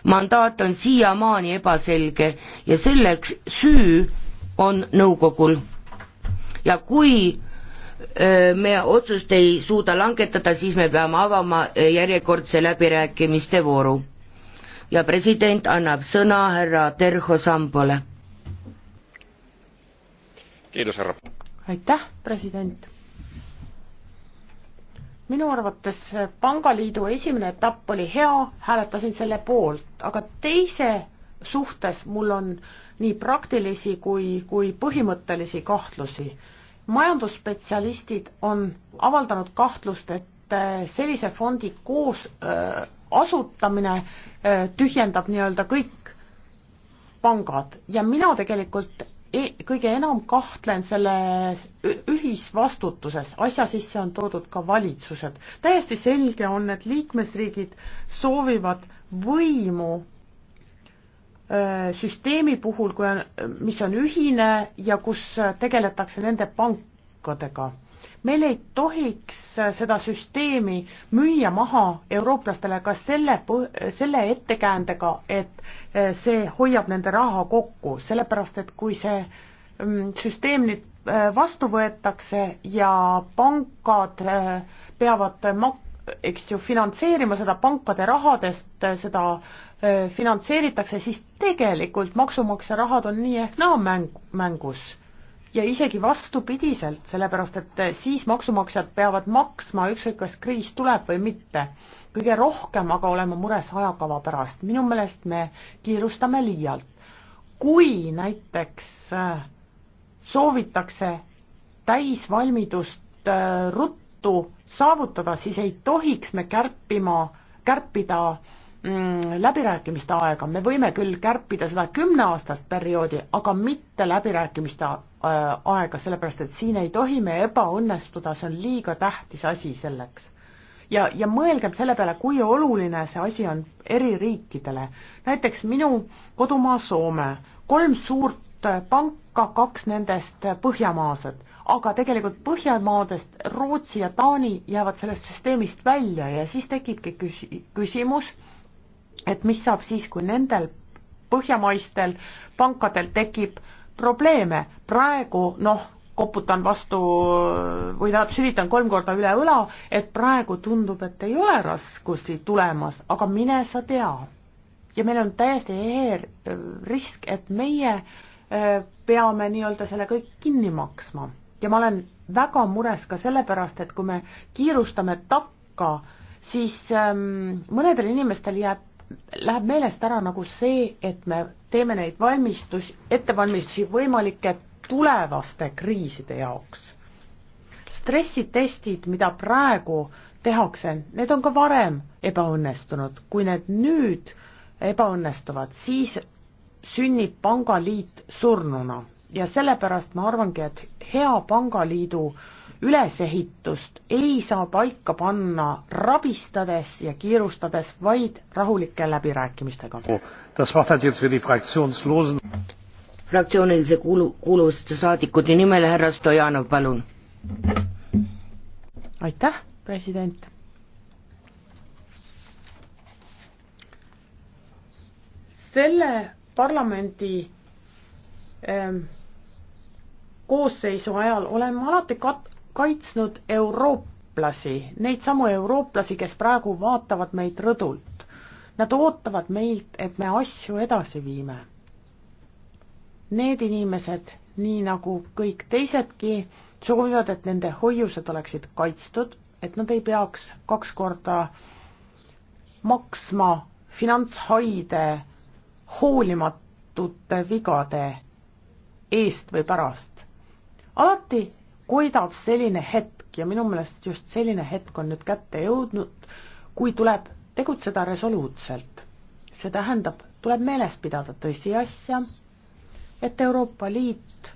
mandaat on siiamaani ebaselge ja selleks süü on nõukogul. ja kui me otsust ei suuda langetada, siis me peame avama järjekordse läbirääkimiste vooru. ja president annab sõna härra Terho Sambole. aitäh, president minu arvates Pangaliidu esimene etapp oli hea, hääletasin selle poolt, aga teise suhtes mul on nii praktilisi kui, kui põhimõttelisi kahtlusi. majandusspetsialistid on avaldanud kahtlust, et äh, sellise fondi koos äh, asutamine äh, tühjendab nii-öelda kõik pangad ja mina tegelikult E-, kõige enam kahtlen selles ühisvastutuses, asja sisse on toodud ka valitsused. täiesti selge on, et liikmesriigid soovivad võimu süsteemi puhul, kui on, mis on ühine ja kus tegeletakse nende pankadega meil ei tohiks seda süsteemi müüa maha eurooplastele ka selle, selle ettekäändega, et eh, see hoiab nende raha kokku, sellepärast et kui see mm, süsteem nüüd eh, vastu võetakse ja pangad eh, peavad mak-, eks ju, finantseerima seda pankade rahadest, seda finantseeritakse, siis tegelikult maksumaksja rahad on nii ehk naa mäng, mängus ja isegi vastupidiselt, sellepärast et eh, siis maksumaksjad peavad maksma ükskõik, kas kriis tuleb või mitte. kõige rohkem aga oleme mures ajakava pärast, minu meelest me kiirustame liialt. kui näiteks eh, soovitakse täisvalmidust eh, ruttu saavutada, siis ei tohiks me kärpima, kärpida Mm, läbirääkimiste aega, me võime küll kärpida seda kümneaastast perioodi, aga mitte läbirääkimiste äh, aega, sellepärast et siin ei tohi me ebaõnnestuda, see on liiga tähtis asi selleks. ja, ja mõelgem selle peale, kui oluline see asi on eri riikidele. näiteks minu kodumaa Soome, kolm suurt panka, kaks nendest põhjamaased, aga tegelikult Põhjamaadest Rootsi ja Taani jäävad sellest süsteemist välja ja siis tekibki küsimus, et mis saab siis, kui nendel põhjamaistel pankadel tekib probleeme, praegu noh, koputan vastu või tähendab, sülitan kolm korda üle õla, et praegu tundub, et ei ole raskusi tulemas, aga mine sa tea. ja meil on täiesti ehe äh, risk, et meie äh, peame nii-öelda selle kõik kinni maksma ja ma olen väga mures ka sellepärast, et kui me kiirustame takka, siis ähm, mõnedel inimestel jääb läheb meelest ära nagu see, et me teeme neid valmistus, ettevalmistusi võimalike tulevaste kriiside jaoks. stressitestid, mida praegu tehakse, need on ka varem ebaõnnestunud, kui need nüüd ebaõnnestuvad, siis sünnib pangaliit surnuna ja sellepärast ma arvangi, et hea pangaliidu äh, ülesehitust ei saa paika panna rabistades ja kiirustades, vaid rahulike läbirääkimistega oh,. fraktsioonilise kuulu, kuuluvuste saadikute nimel härra Stojanov, palun. aitäh, president. selle parlamendi ähm, koosseisu ajal olen ma alati kat-, kaitsnud eurooplasi, neid samu eurooplasi, kes praegu vaatavad meid rõdult. Nad ootavad meilt, et me asju edasi viime. Need inimesed, nii nagu kõik teisedki, soovivad, et nende hoiused oleksid kaitstud, et nad ei peaks kaks korda maksma finantshaide hoolimatute vigade eest või pärast. alati koidab selline hetk ja minu meelest just selline hetk on nüüd kätte jõudnud, kui tuleb tegutseda resoluutselt. see tähendab, tuleb meeles pidada tõsiasja, et Euroopa Liit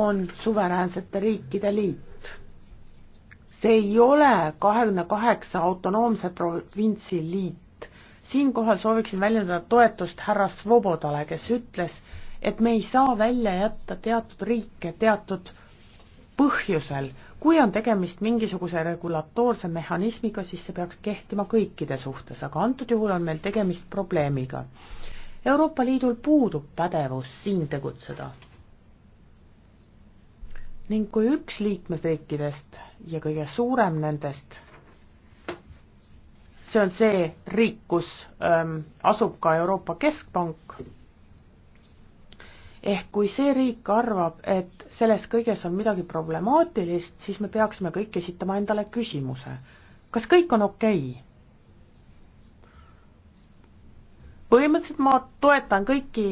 on suveräänsete riikide liit. see ei ole kahekümne kaheksa autonoomse provintsi liit. siinkohal sooviksin väljendada toetust härra Svobodale, kes ütles, et me ei saa välja jätta teatud riike, teatud põhjusel. kui on tegemist mingisuguse regulatoorse mehhanismiga, siis see peaks kehtima kõikide suhtes, aga antud juhul on meil tegemist probleemiga. Euroopa Liidul puudub pädevus siin tegutseda. ning kui üks liikmesriikidest ja kõige suurem nendest, see on see riik, kus ähm, asub ka Euroopa Keskpank ehk kui see riik arvab, et selles kõiges on midagi problemaatilist, siis me peaksime kõik esitama endale küsimuse, kas kõik on okei okay?? põhimõtteliselt ma toetan kõiki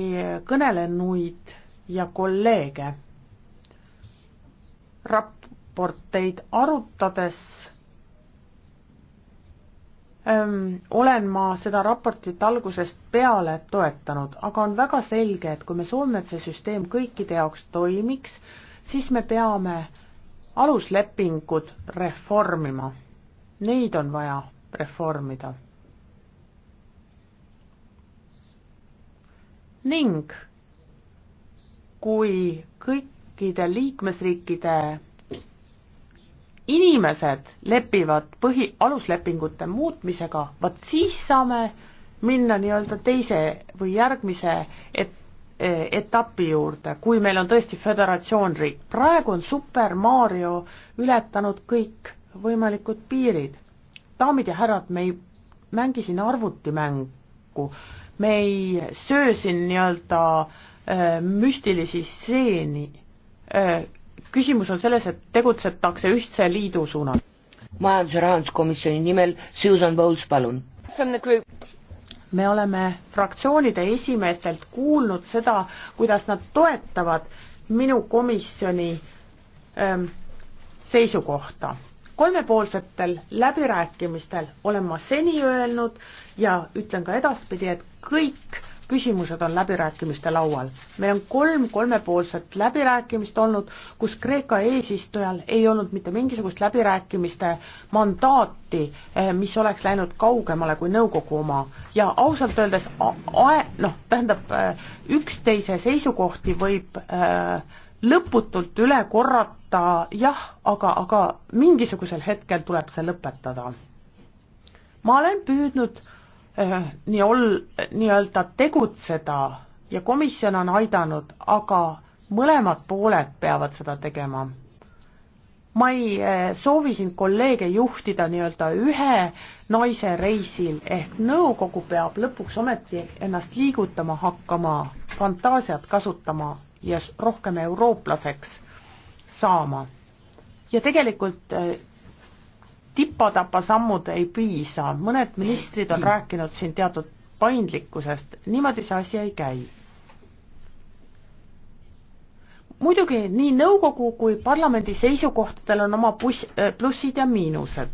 kõnelenuid ja kolleege raporteid arutades öö, olen ma seda raportit algusest peale toetanud, aga on väga selge, et kui me soovime, et see süsteem kõikide jaoks toimiks, siis me peame aluslepingud reformima. Neid on vaja reformida. ning kui kõikide liikmesriikide inimesed lepivad põhi, aluslepingute muutmisega, vot siis saame minna nii-öelda teise või järgmise et, etapi juurde, kui meil on tõesti föderatsioonriik. praegu on Super Mario ületanud kõik võimalikud piirid. daamid ja härrad, me ei mängi siin arvutimängu, me ei söö siin nii-öelda äh, müstilisi stseeni äh, küsimus on selles, et tegutsetakse ühtse liidu suunal. majandus- ja rahanduskomisjoni nimel Susan Bowles, palun. me oleme fraktsioonide esimeestelt kuulnud seda, kuidas nad toetavad minu komisjoni ähm, seisukohta. kolmepoolsetel läbirääkimistel olen ma seni öelnud ja ütlen ka edaspidi, et kõik küsimused on läbirääkimiste laual. meil on kolm kolmepoolset läbirääkimist olnud, kus Kreeka eesistujal ei olnud mitte mingisugust läbirääkimiste mandaati, eh, mis oleks läinud kaugemale kui nõukogu oma ja ausalt öeldes ae-, noh, tähendab, eh, üksteise seisukohti võib öö, eh, lõputult üle korrata, jah, aga, aga mingisugusel hetkel tuleb see lõpetada. ma olen püüdnud äh, Äh, nii ol-, nii-öelda tegutseda ja komisjon on aidanud, aga mõlemad pooled peavad seda tegema. ma ei äh, soovi siin kolleege juhtida nii-öelda ühe naise reisil, ehk nõukogu peab lõpuks ometi ennast liigutama hakkama, fantaasiat kasutama ja rohkem eurooplaseks saama. ja tegelikult äh, tipatapasammud ei piisa, mõned ministrid on rääkinud siin teatud paindlikkusest, niimoodi see asi ei käi. muidugi nii nõukogu kui parlamendi seisukohtadel on oma pus-, äh, plussid ja miinused.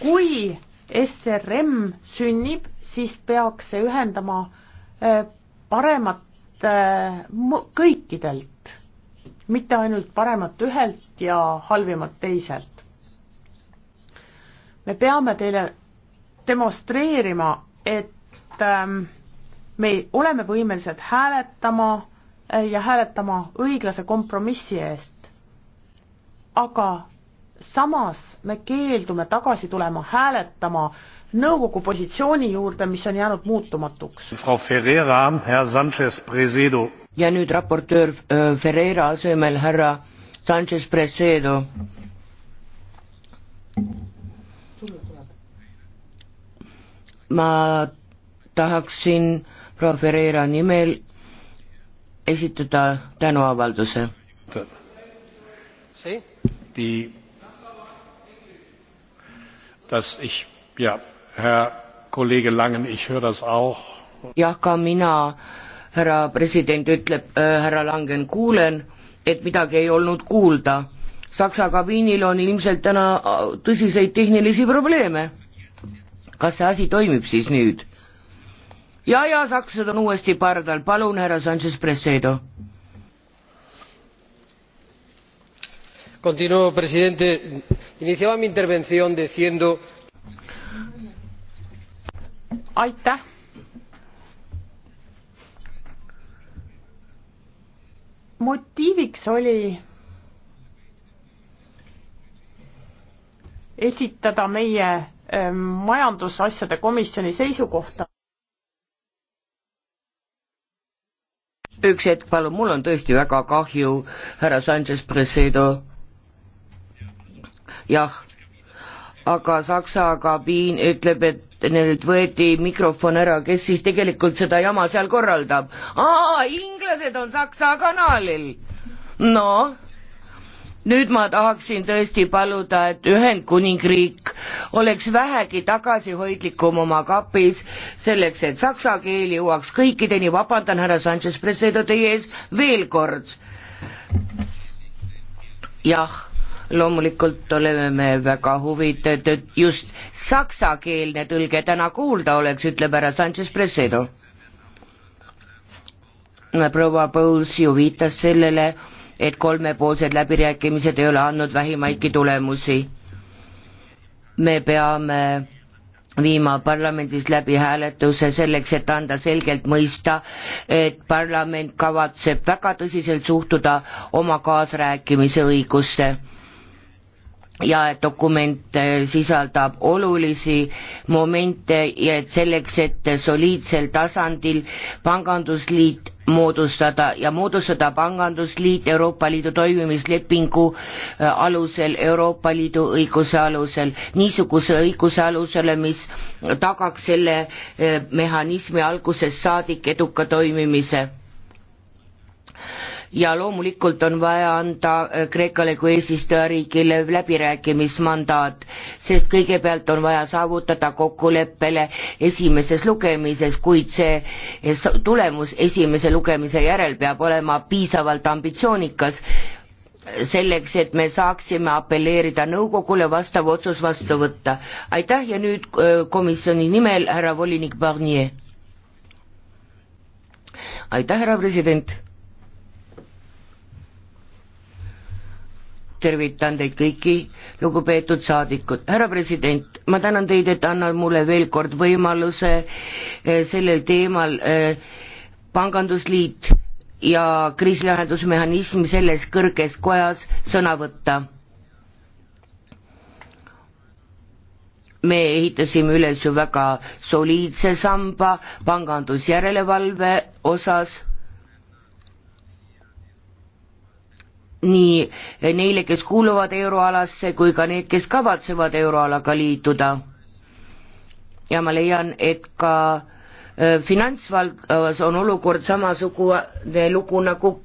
kui SRM sünnib, siis peaks see ühendama äh, paremat äh, kõikidelt, mitte ainult paremat ühelt ja halvimat teiselt me peame teile demonstreerima, et ähm, me oleme võimelised hääletama äh, ja hääletama õiglase kompromissi eest. aga samas me keeldume tagasi tulema hääletama nõukogu positsiooni juurde, mis on jäänud muutumatuks. ja nüüd raportöör äh, Ferreira asemel härra Sanchez Presedo. ma tahaksin proua Ferreira nimel esitada tänuavalduse. Die, dass ich, ja, Herr Kollege Langen, ich höre das auch. jah, ka mina, härra president ütleb äh,, härra Langen, kuulen, et midagi ei olnud kuulda. Saksa kabiinil on ilmselt täna äh, tõsiseid tehnilisi probleeme kas see asi toimib siis nüüd? ja, ja sakslased on uuesti pardal, palun, härra Sanchez Presedo. Continuo, presidente. Iniciaba mi intervención diciendo. Aitäh. motiiviks oli esitada meie Ehm, majandusasjade komisjoni seisukohta. üks hetk, palun, mul on tõesti väga kahju, härra Sanchez Presedo. jah, aga Saksa kabiin ütleb, et neilt võeti mikrofon ära, kes siis tegelikult seda jama seal korraldab? aa, inglased on Saksa kanalil. noh nüüd ma tahaksin tõesti paluda, et Ühendkuningriik oleks vähegi tagasihoidlikum oma kapis, selleks et saksa keel jõuaks kõikideni, vabandan, härra Sanchez Presedo teie ees veel kord. jah loomulikult oleme me väga huvitatud, et just saksakeelne tõlge täna kuulda oleks, ütleb härra Sanchez Presedo. proua Põus ju viitas sellele, et kolmepoolsed läbirääkimised ei ole andnud vähimaidki tulemusi. me peame viima parlamendis läbi hääletuse selleks, et anda selgelt mõista, et parlament kavatseb väga tõsiselt suhtuda oma kaasrääkimise õigusse ja et dokument äh, sisaldab olulisi momente ja et selleks, et soliidsel tasandil pangandusliit moodustada ja moodustada pangandusliit Euroopa Liidu toimimislepingu äh, alusel, Euroopa Liidu õiguse alusel, niisuguse õiguse alusele, mis tagaks selle äh, mehhanismi algusest saadik eduka toimimise ja loomulikult on vaja anda äh, Kreekale kui eesistujariigile läbirääkimismandaat, sest kõigepealt on vaja saavutada kokkuleppele esimeses lugemises, kuid see eh, tulemus esimese lugemise järel peab olema piisavalt ambitsioonikas, selleks, et me saaksime apelleerida nõukogule vastav otsus vastu võtta. aitäh ja nüüd äh, komisjoni nimel härra volinik Barnier. aitäh, härra president tervitan teid kõiki, lugupeetud saadikud. härra president, ma tänan teid, et annab mulle veel kord võimaluse eh, sellel teemal eh, pangandusliit ja kriisilahendusmehhanism selles kõrges kojas sõna võtta. me ehitasime üles ju väga soliidse samba pangandusjärelevalve osas nii neile, kes kuuluvad euroalasse, kui ka need, kes kavatsevad euroalaga liituda. ja ma leian, et ka äh, finantsvaldkonnas on olukord samasugune lugu nagu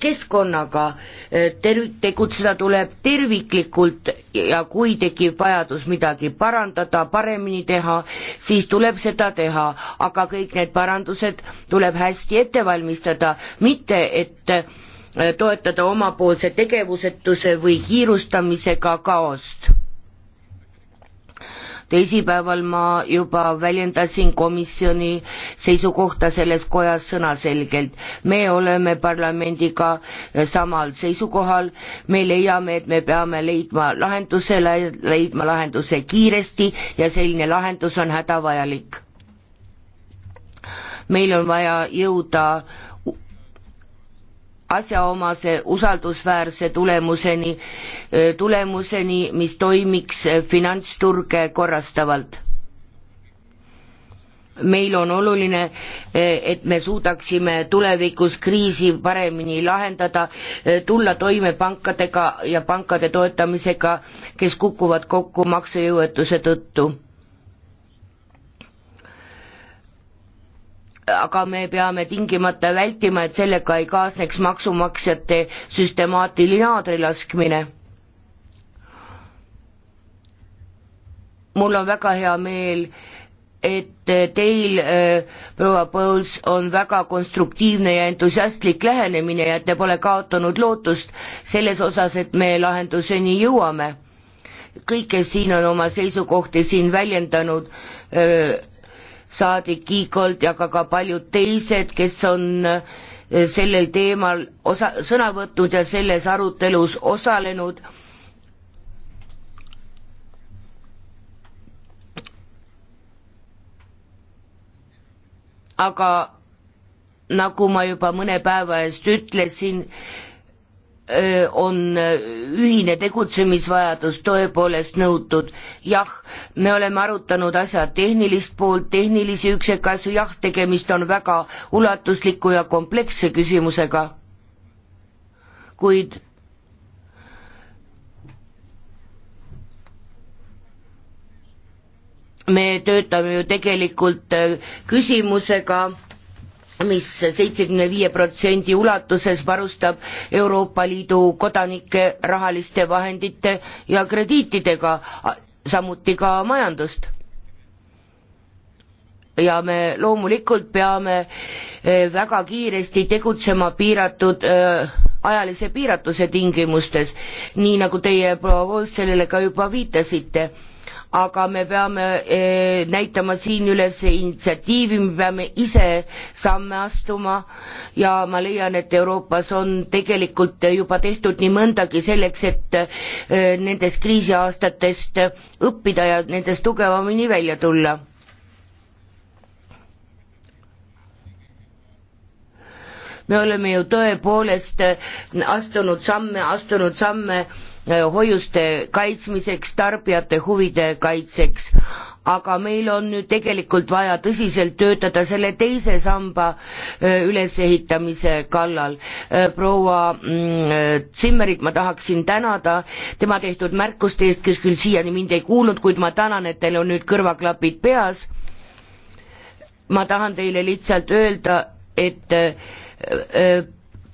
keskkonnaga, äh, ter-, tegutseda tuleb terviklikult ja kui tekib vajadus midagi parandada, paremini teha, siis tuleb seda teha, aga kõik need parandused tuleb hästi ette valmistada, mitte et Äh, toetada omapoolse tegevusetuse või kiirustamisega kaost. teisipäeval ma juba väljendasin komisjoni seisukohta selles kojas sõnaselgelt. me oleme parlamendiga äh, samal seisukohal, me leiame, et me peame leidma lahendusele, leidma lahenduse kiiresti ja selline lahendus on hädavajalik meil on vaja jõuda asjaomase usaldusväärse tulemuseni, tulemuseni, mis toimiks finantsturge korrastavalt. meil on oluline, et me suudaksime tulevikus kriisi paremini lahendada, tulla toime pankadega ja pankade toetamisega, kes kukuvad kokku maksejõuetuse tõttu aga me peame tingimata vältima, et sellega ei kaasneks maksumaksjate süstemaatiline aadrilaskmine. mul on väga hea meel, et teil, proua Põls, on väga konstruktiivne ja entusiastlik lähenemine ja et te pole kaotanud lootust selles osas, et me lahenduseni jõuame. kõik, kes siin on oma seisukohti siin väljendanud öö, saadik Kiikolt ja ka, ka paljud teised, kes on eh, sellel teemal osa, sõna võtnud ja selles arutelus osalenud. aga nagu ma juba mõne päeva eest ütlesin, on ühine tegutsemisvajadus tõepoolest nõutud. jah, me oleme arutanud asja tehnilist poolt, tehnilisi üksikasju, jah, tegemist on väga ulatusliku ja kompleksse küsimusega, kuid me töötame ju tegelikult küsimusega mis seitsekümne viie protsendi ulatuses varustab Euroopa Liidu kodanikke rahaliste vahendite ja krediitidega, samuti ka majandust. ja me loomulikult peame e, väga kiiresti tegutsema piiratud e, ajalise piiratuse tingimustes, nii nagu teie proua Voos sellele ka juba viitasite aga me peame eh, näitama siin üles initsiatiivi, me peame ise samme astuma ja ma leian, et Euroopas on tegelikult juba tehtud nii mõndagi selleks, et eh, nendest kriisiaastatest õppida ja nendest tugevamini välja tulla. me oleme ju tõepoolest astunud samme, astunud samme Äh, hoiuste kaitsmiseks, tarbijate huvide kaitseks, aga meil on nüüd tegelikult vaja tõsiselt töötada selle teise samba äh, ülesehitamise kallal. Äh, proua mm, Zimmerit ma tahaksin tänada tema tehtud märkuste eest, kes küll siiani mind ei kuulnud, kuid ma tänan, et teil on nüüd kõrvaklapid peas. ma tahan teile lihtsalt öelda, et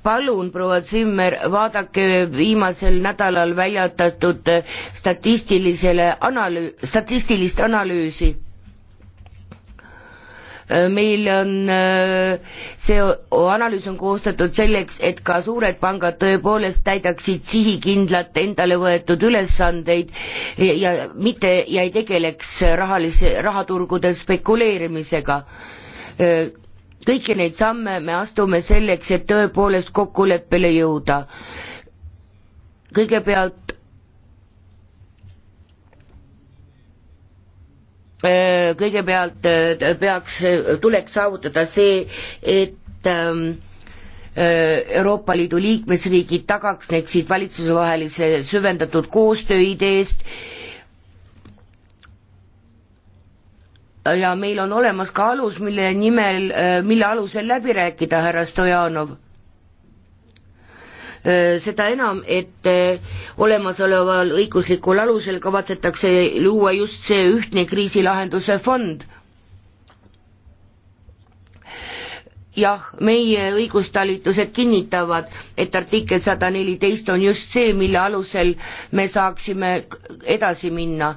palun, proua Zimmer, vaadake viimasel nädalal väljatatud statistilisele analüü-, statistilist analüüsi. meil on, see analüüs on koostatud selleks, et ka suured pangad tõepoolest täidaksid sihikindlalt endale võetud ülesandeid ja, ja mitte, ja ei tegeleks rahalise, rahaturgude spekuleerimisega kõiki neid samme me astume selleks, et tõepoolest kokkuleppele jõuda. kõigepealt äh, kõigepealt äh, peaks, tuleks saavutada see, et ähm, äh, Euroopa Liidu liikmesriigid tagaksid valitsusevahelise süvendatud koostöö ideest ja meil on olemas ka alus, mille nimel, äh, mille alusel läbi rääkida, härra Stojanov. Äh, seda enam, et äh, olemasoleval õiguslikul alusel kavatsetakse luua just see ühtne kriisilahenduse fond. jah, meie õigustalitused kinnitavad, et artikkel sada neliteist on just see, mille alusel me saaksime edasi minna.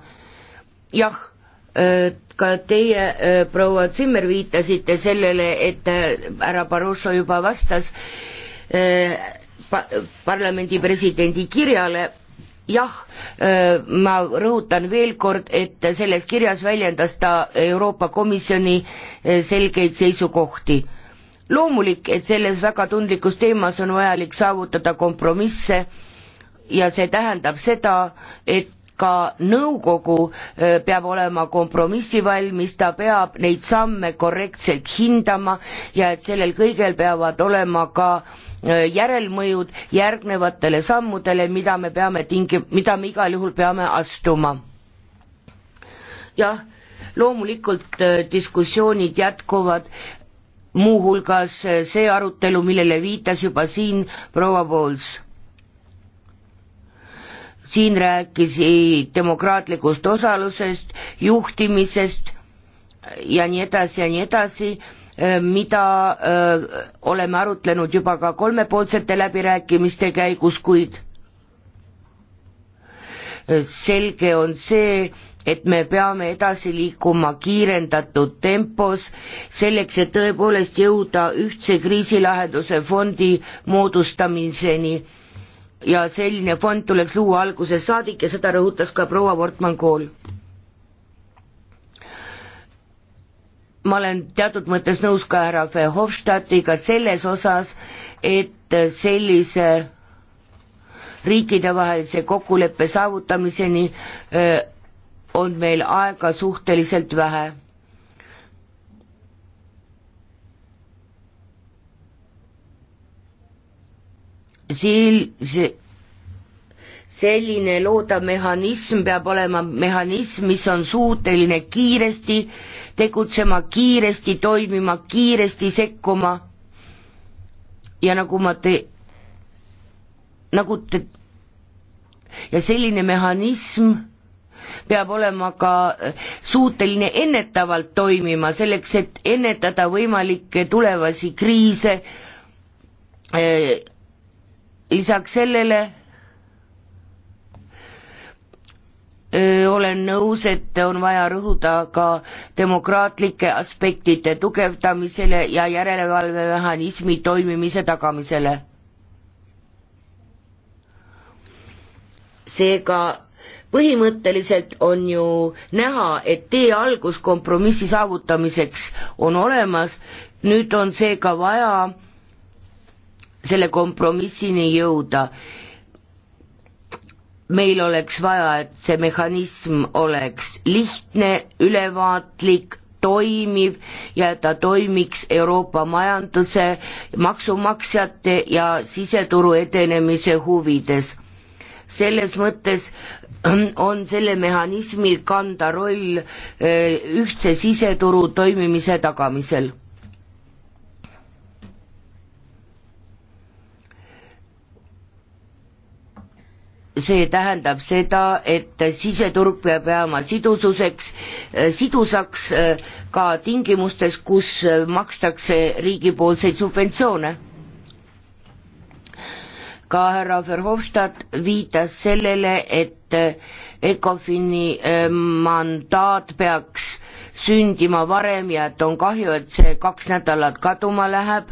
jah Äh, ka teie, äh, proua Zimmer, viitasite sellele, et äh, härra Barroso juba vastas pa-, parlamendi presidendi kirjale, jah, ma rõhutan veel kord, et selles kirjas väljendas ta Euroopa Komisjoni selgeid seisukohti. loomulik, et selles väga tundlikus teemas on vajalik saavutada kompromisse ja see tähendab seda, et ka nõukogu peab olema kompromissivalmis, ta peab neid samme korrektselt hindama ja et sellel kõigel peavad olema ka järelmõjud järgnevatele sammudele, mida me peame tingi-, mida me igal juhul peame astuma. jah, loomulikult diskussioonid jätkuvad, muuhulgas see arutelu, millele viitas juba siin proua Pools siin rääkisi demokraatlikust osalusest, juhtimisest ja nii edasi ja nii edasi, äh, mida öö, äh, oleme arutlenud juba ka kolmepoolsete läbirääkimiste käigus, kuid selge on see, et me peame edasi liikuma kiirendatud tempos, selleks et tõepoolest jõuda ühtse kriisilahenduse fondi moodustamiseni ja selline fond tuleks luua algusest saadik ja seda rõhutas ka proua Wortmann-Kool. ma olen teatud mõttes nõus ka härra Verhofstadtiga selles osas, et sellise riikidevahelise kokkuleppe saavutamiseni äh, on meil aega suhteliselt vähe sel-, see, selline loodav mehhanism peab olema mehhanism, mis on suuteline kiiresti tegutsema, kiiresti toimima, kiiresti sekkuma. ja nagu ma te, nagu te, ja selline mehhanism peab olema ka suuteline ennetavalt toimima, selleks et ennetada võimalikke tulevasi kriise eh, lisaks sellele öö, olen nõus, et on vaja rõhuda ka demokraatlike aspektide tugevdamisele ja järelevalvemehhanismi toimimise tagamisele. seega põhimõtteliselt on ju näha, et tee algus kompromissi saavutamiseks on olemas, nüüd on seega vaja selle kompromissini jõuda. meil oleks vaja, et see mehhanism oleks lihtne, ülevaatlik, toimiv ja et ta toimiks Euroopa majanduse, maksumaksjate ja siseturu edenemise huvides. selles mõttes on selle mehhanismi kanda roll eh, ühtse siseturu toimimise tagamisel see tähendab seda, et siseturg peab jääma sidususeks, eh, sidusaks eh, ka tingimustes, kus eh, makstakse riigipoolseid subventsioone. ka härra Verhofstadt viitas sellele, et ECOFIN-i mandaat peaks sündima varem ja et on kahju, et see kaks nädalat kaduma läheb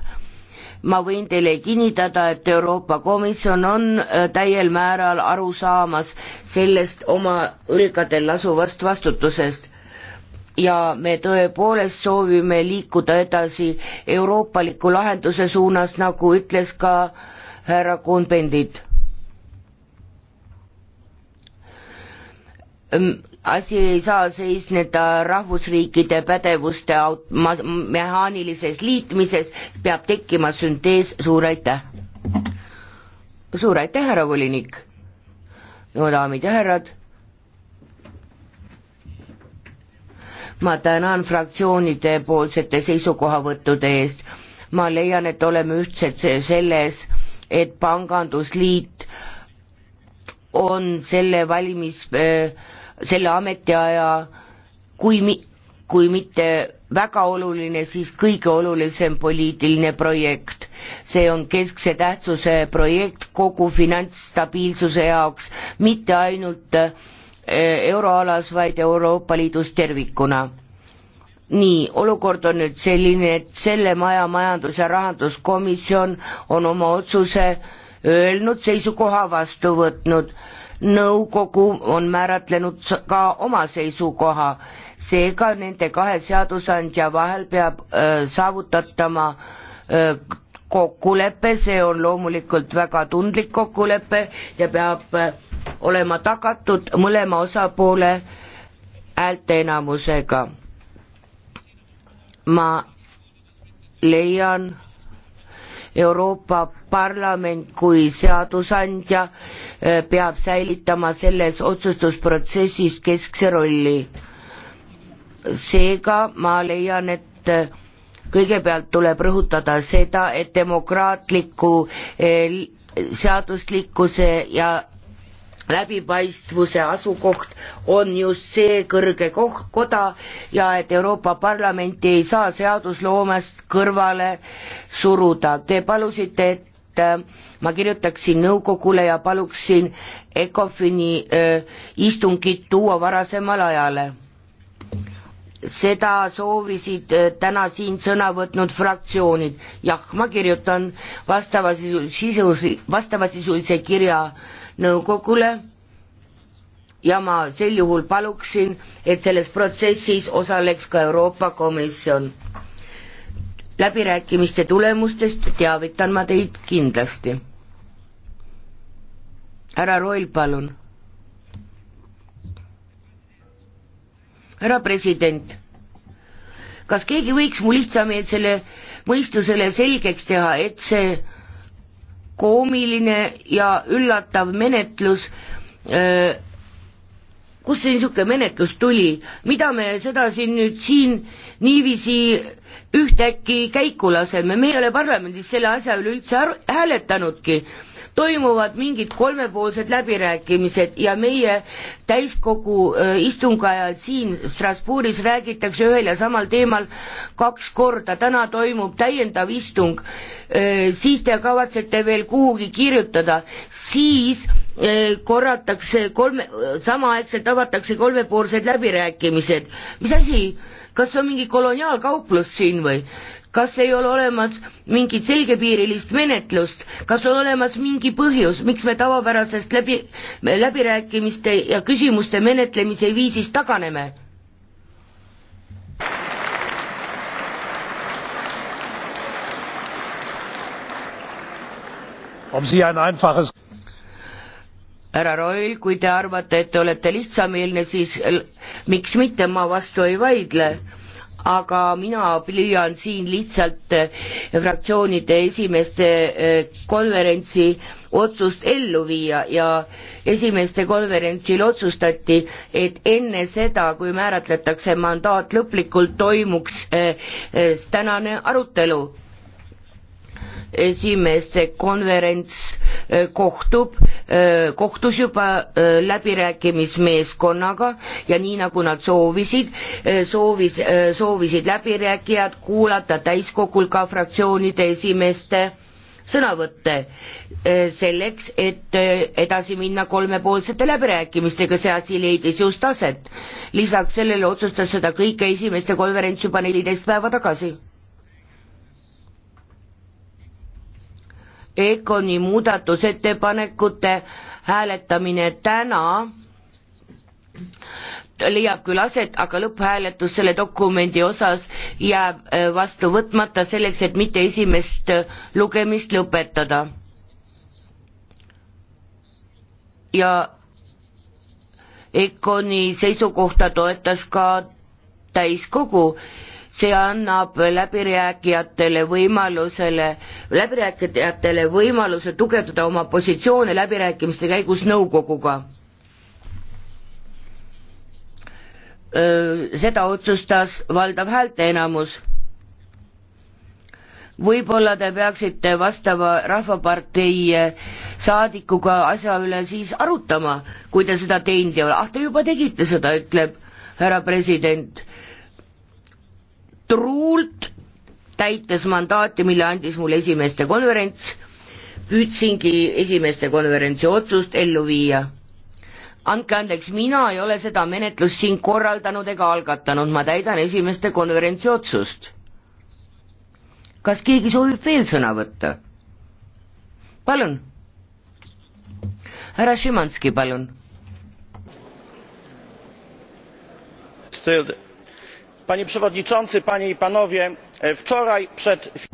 ma võin teile kinnitada, et Euroopa Komisjon on äh, täiel määral aru saamas sellest oma õlgadel lasuvast vastutusest ja me tõepoolest soovime liikuda edasi euroopaliku lahenduse suunas, nagu ütles ka härra Kuhn-Pendit asi ei saa seisneda rahvusriikide pädevuste mehaanilises liitmises, peab tekkima süntees, suur aitäh! suur aitäh, härra volinik! no daamid ja härrad, ma tänan fraktsioonide poolsete seisukohavõttude eest, ma leian, et oleme ühtsed selles, et pangandusliit on selle valimis äh, selle ametiaja kui mi-, kui mitte väga oluline, siis kõige olulisem poliitiline projekt. see on keskse tähtsuse projekt kogu finantsstabiilsuse jaoks, mitte ainult eh, euroalas, vaid Euroopa Liidus tervikuna. nii, olukord on nüüd selline, et selle maja majandus- ja rahanduskomisjon on oma otsuse öelnud, seisukoha vastu võtnud nõukogu on määratlenud ka oma seisukoha, seega nende kahe seadusandja vahel peab öö, saavutatama öö, kokkulepe, see on loomulikult väga tundlik kokkulepe ja peab olema tagatud mõlema osapoole häälteenamusega. ma leian Euroopa Parlament kui seadusandja eh, peab säilitama selles otsustusprotsessis keskse rolli. seega ma leian, et eh, kõigepealt tuleb rõhutada seda, et demokraatliku eh, seaduslikkuse ja läbipaistvuse asukoht on just see kõrge koht, koda ja et Euroopa Parlamenti ei saa seadusloomest kõrvale suruda. Te palusite, et äh, ma kirjutaksin nõukogule ja paluksin ECOFIN-i äh, istungit tuua varasemale ajale. seda soovisid äh, täna siin sõna võtnud fraktsioonid. jah, ma kirjutan vastavasisu, sisu, vastavasisulise kirja nõukogule ja ma sel juhul paluksin, et selles protsessis osaleks ka Euroopa Komisjon. läbirääkimiste tulemustest teavitan ma teid kindlasti. härra Roil, palun. härra president, kas keegi võiks mu lihtsameelsele mõistusele selgeks teha, et see koomiline ja üllatav menetlus, kust see niisugune menetlus tuli, mida me seda siin nüüd siin niiviisi ühtäkki käiku laseme, me ei ole parlamendis selle asja üle üldse hääletanudki toimuvad mingid kolmepoolsed läbirääkimised ja meie täiskogu äh, istungi ajal siin Strasbourgis räägitakse ühel ja samal teemal kaks korda, täna toimub täiendav istung, äh, siis te kavatsete veel kuhugi kirjutada, siis äh, korratakse kolme, samaaegselt avatakse kolmepoolsed läbirääkimised, mis asi, kas on mingi koloniaalkauplus siin või? kas ei ole olemas mingit selgepiirilist menetlust, kas on olemas mingi põhjus, miks me tavapärasest läbi, läbirääkimiste ja küsimuste menetlemise viisist taganeme? härra Roil, kui te arvate, et te olete lihtsameelne, siis miks mitte, ma vastu ei vaidle aga mina püüan siin lihtsalt eh, fraktsioonide esimeeste eh, konverentsi otsust ellu viia ja esimeeste konverentsil otsustati, et enne seda, kui määratletakse mandaat lõplikult, toimuks eh, tänane arutelu esimeeste konverents äh, kohtub, äh, kohtus juba äh, läbirääkimismeeskonnaga ja nii nagu nad soovisid, soovis, soovisid läbirääkijad kuulata täiskogul ka fraktsioonide esimeeste sõnavõtte selleks, et edasi minna kolmepoolsete läbirääkimistega, see asi leidis just aset. lisaks sellele otsustas seda kõike esimeste konverents juba neliteist päeva tagasi EKONi muudatusettepanekute hääletamine täna leiab küll aset, aga lõpphääletus selle dokumendi osas jääb äh, vastu võtmata selleks, et mitte esimest äh, lugemist lõpetada. ja EKONi seisukohta toetas ka täiskogu see annab läbirääkijatele võimalusele, läbirääkijatele võimaluse tugevdada oma positsioone läbirääkimiste käigus nõukoguga. seda otsustas valdav häälteenamus. võib-olla te peaksite vastava Rahvapartei saadikuga asja üle siis arutama, kui te seda teinud ei ole, ah te juba tegite seda, ütleb härra president truult, täites mandaati, mille andis mulle esimeeste konverents, püüdsingi esimeeste konverentsi otsust ellu viia. andke andeks, mina ei ole seda menetlust siin korraldanud ega algatanud, ma täidan esimeeste konverentsi otsust. kas keegi soovib veel sõna võtta? palun. härra Šimanski, palun panie przewodniczący panie i panowie! E, wczoraj przed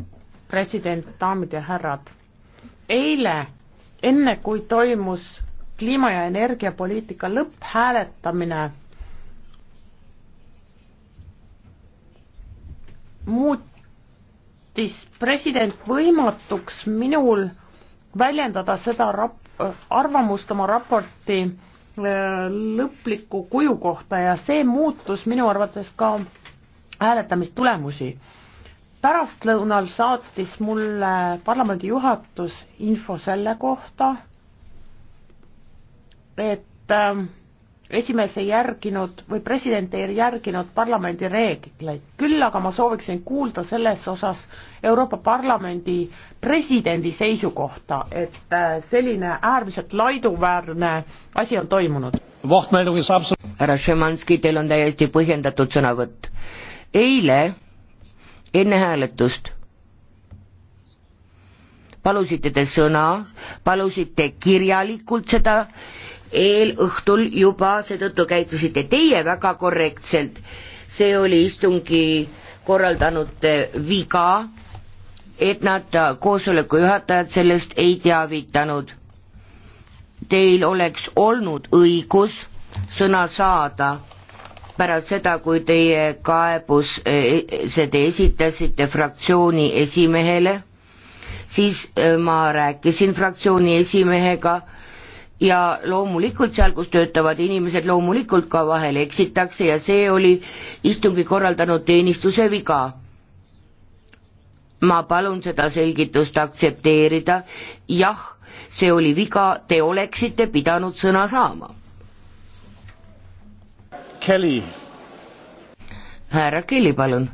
eile enne kui toimus kliima ja energiapoliitika lõpphääletamine muutis president võimatuks minul väljendada seda rap- arvamust oma raporti e, lõpliku kuju kohta ja see muutus minu arvates ka hääletamistulemusi. pärastlõunal saatis mulle parlamendi juhatus info selle kohta, et äh, esimees ei järginud või president ei järginud parlamendi reegleid, küll aga ma sooviksin kuulda selles osas Euroopa Parlamendi presidendi seisukohta, et äh, selline äärmiselt laiduväärne asi on toimunud. härra Šemanski, teil on täiesti põhjendatud sõnavõtt eile enne hääletust palusite te sõna, palusite kirjalikult seda eelõhtul juba, seetõttu käitusite teie väga korrektselt. see oli istungi korraldanute viga, et nad koosoleku juhatajat sellest ei teavitanud. Teil oleks olnud õigus sõna saada pärast seda, kui teie kaebus, see te esitasite fraktsiooni esimehele, siis äh, ma rääkisin fraktsiooni esimehega ja loomulikult seal, kus töötavad inimesed, loomulikult ka vahel eksitakse ja see oli istungi korraldanud teenistuse viga. ma palun seda selgitust aktsepteerida, jah, see oli viga, te oleksite pidanud sõna saama Kelly. härra Kelly, palun.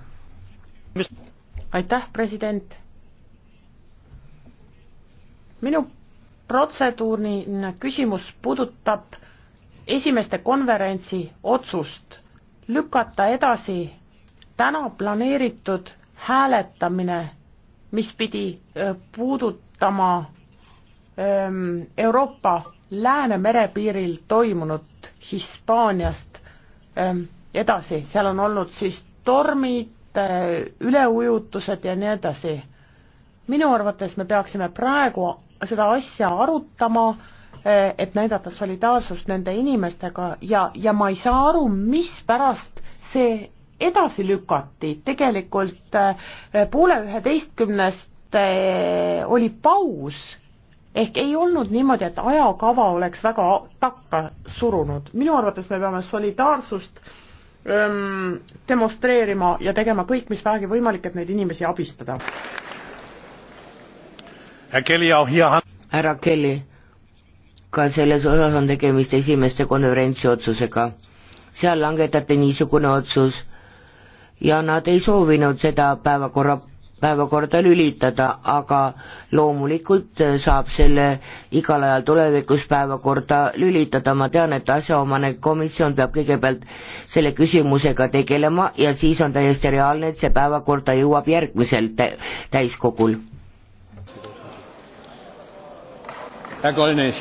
aitäh, president. minu protseduuriline küsimus puudutab esimeste konverentsi otsust lükata edasi täna planeeritud hääletamine, mis pidi puudutama Euroopa Läänemere piiril toimunut Hispaanias Ähm, edasi, seal on olnud siis tormid, äh, üleujutused ja nii edasi. minu arvates me peaksime praegu seda asja arutama, äh, et näidata solidaarsust nende inimestega ja, ja ma ei saa aru, mispärast see edasi lükati, tegelikult äh, poole üheteistkümnest oli paus ehk ei olnud niimoodi, et ajakava oleks väga takka surunud, minu arvates me peame solidaarsust öö, ähm, demonstreerima ja tegema kõik, mis vähegi võimalik, et neid inimesi abistada. härra Kelly, ka selles osas on tegemist esimeste konverentsi otsusega. seal langetati niisugune otsus ja nad ei soovinud seda päevakorra päevakorda lülitada, aga loomulikult saab selle igal ajal tulevikus päevakorda lülitada, ma tean, et asjaomane komisjon peab kõigepealt selle küsimusega tegelema ja siis on täiesti reaalne, et see päevakorda jõuab järgmisel täiskogul. härra Kolnis.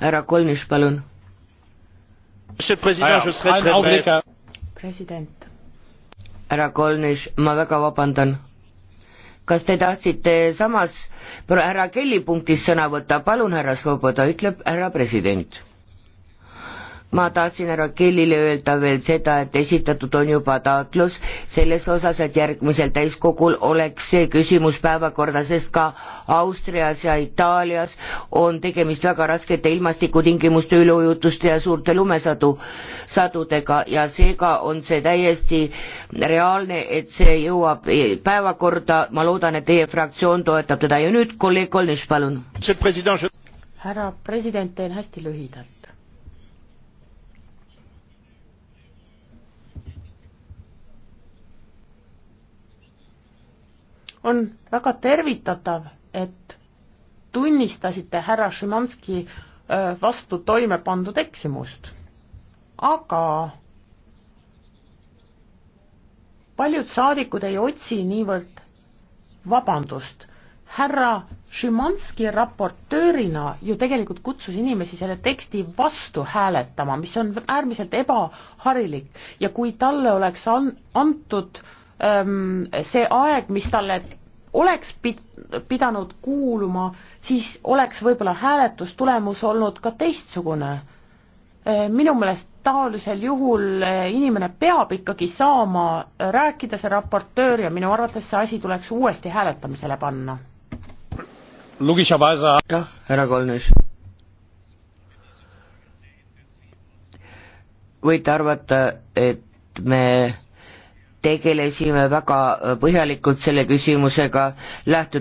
härra Kolnis, palun. Ah president, härra Kolnis, ma väga vabandan kas te tahtsite samas härra Kelly punktis sõna võtta, palun härra Svoboda, ütleb härra president ma tahtsin härra Kellile öelda veel seda, et esitatud on juba taotlus selles osas, et järgmisel täiskogul oleks see küsimus päevakorda, sest ka Austrias ja Itaalias on tegemist väga raskete ilmastikutingimuste üleujutuste ja suurte lumesadu, sadudega ja seega on see täiesti reaalne, et see jõuab päevakorda, ma loodan, et teie fraktsioon toetab teda ja nüüd kolleeg Kolnis, palun. härra president, teen hästi lühidalt on väga tervitatav, et tunnistasite härra Šimanski vastu toime pandud eksimust. aga paljud saadikud ei otsi niivõrd vabandust. härra Šimanski raportöörina ju tegelikult kutsus inimesi selle teksti vastu hääletama, mis on äärmiselt ebaharilik ja kui talle oleks an-, antud äh, see aeg, mis talle oleks pidanud kuuluma, siis oleks võib-olla hääletustulemus olnud ka teistsugune. minu meelest taolisel juhul inimene peab ikkagi saama rääkida, see raportöör, ja minu arvates see asi tuleks uuesti hääletamisele panna. jah, härra Kolnis. võite arvata, et me tegelesime väga põhjalikult selle küsimusega, lähtudes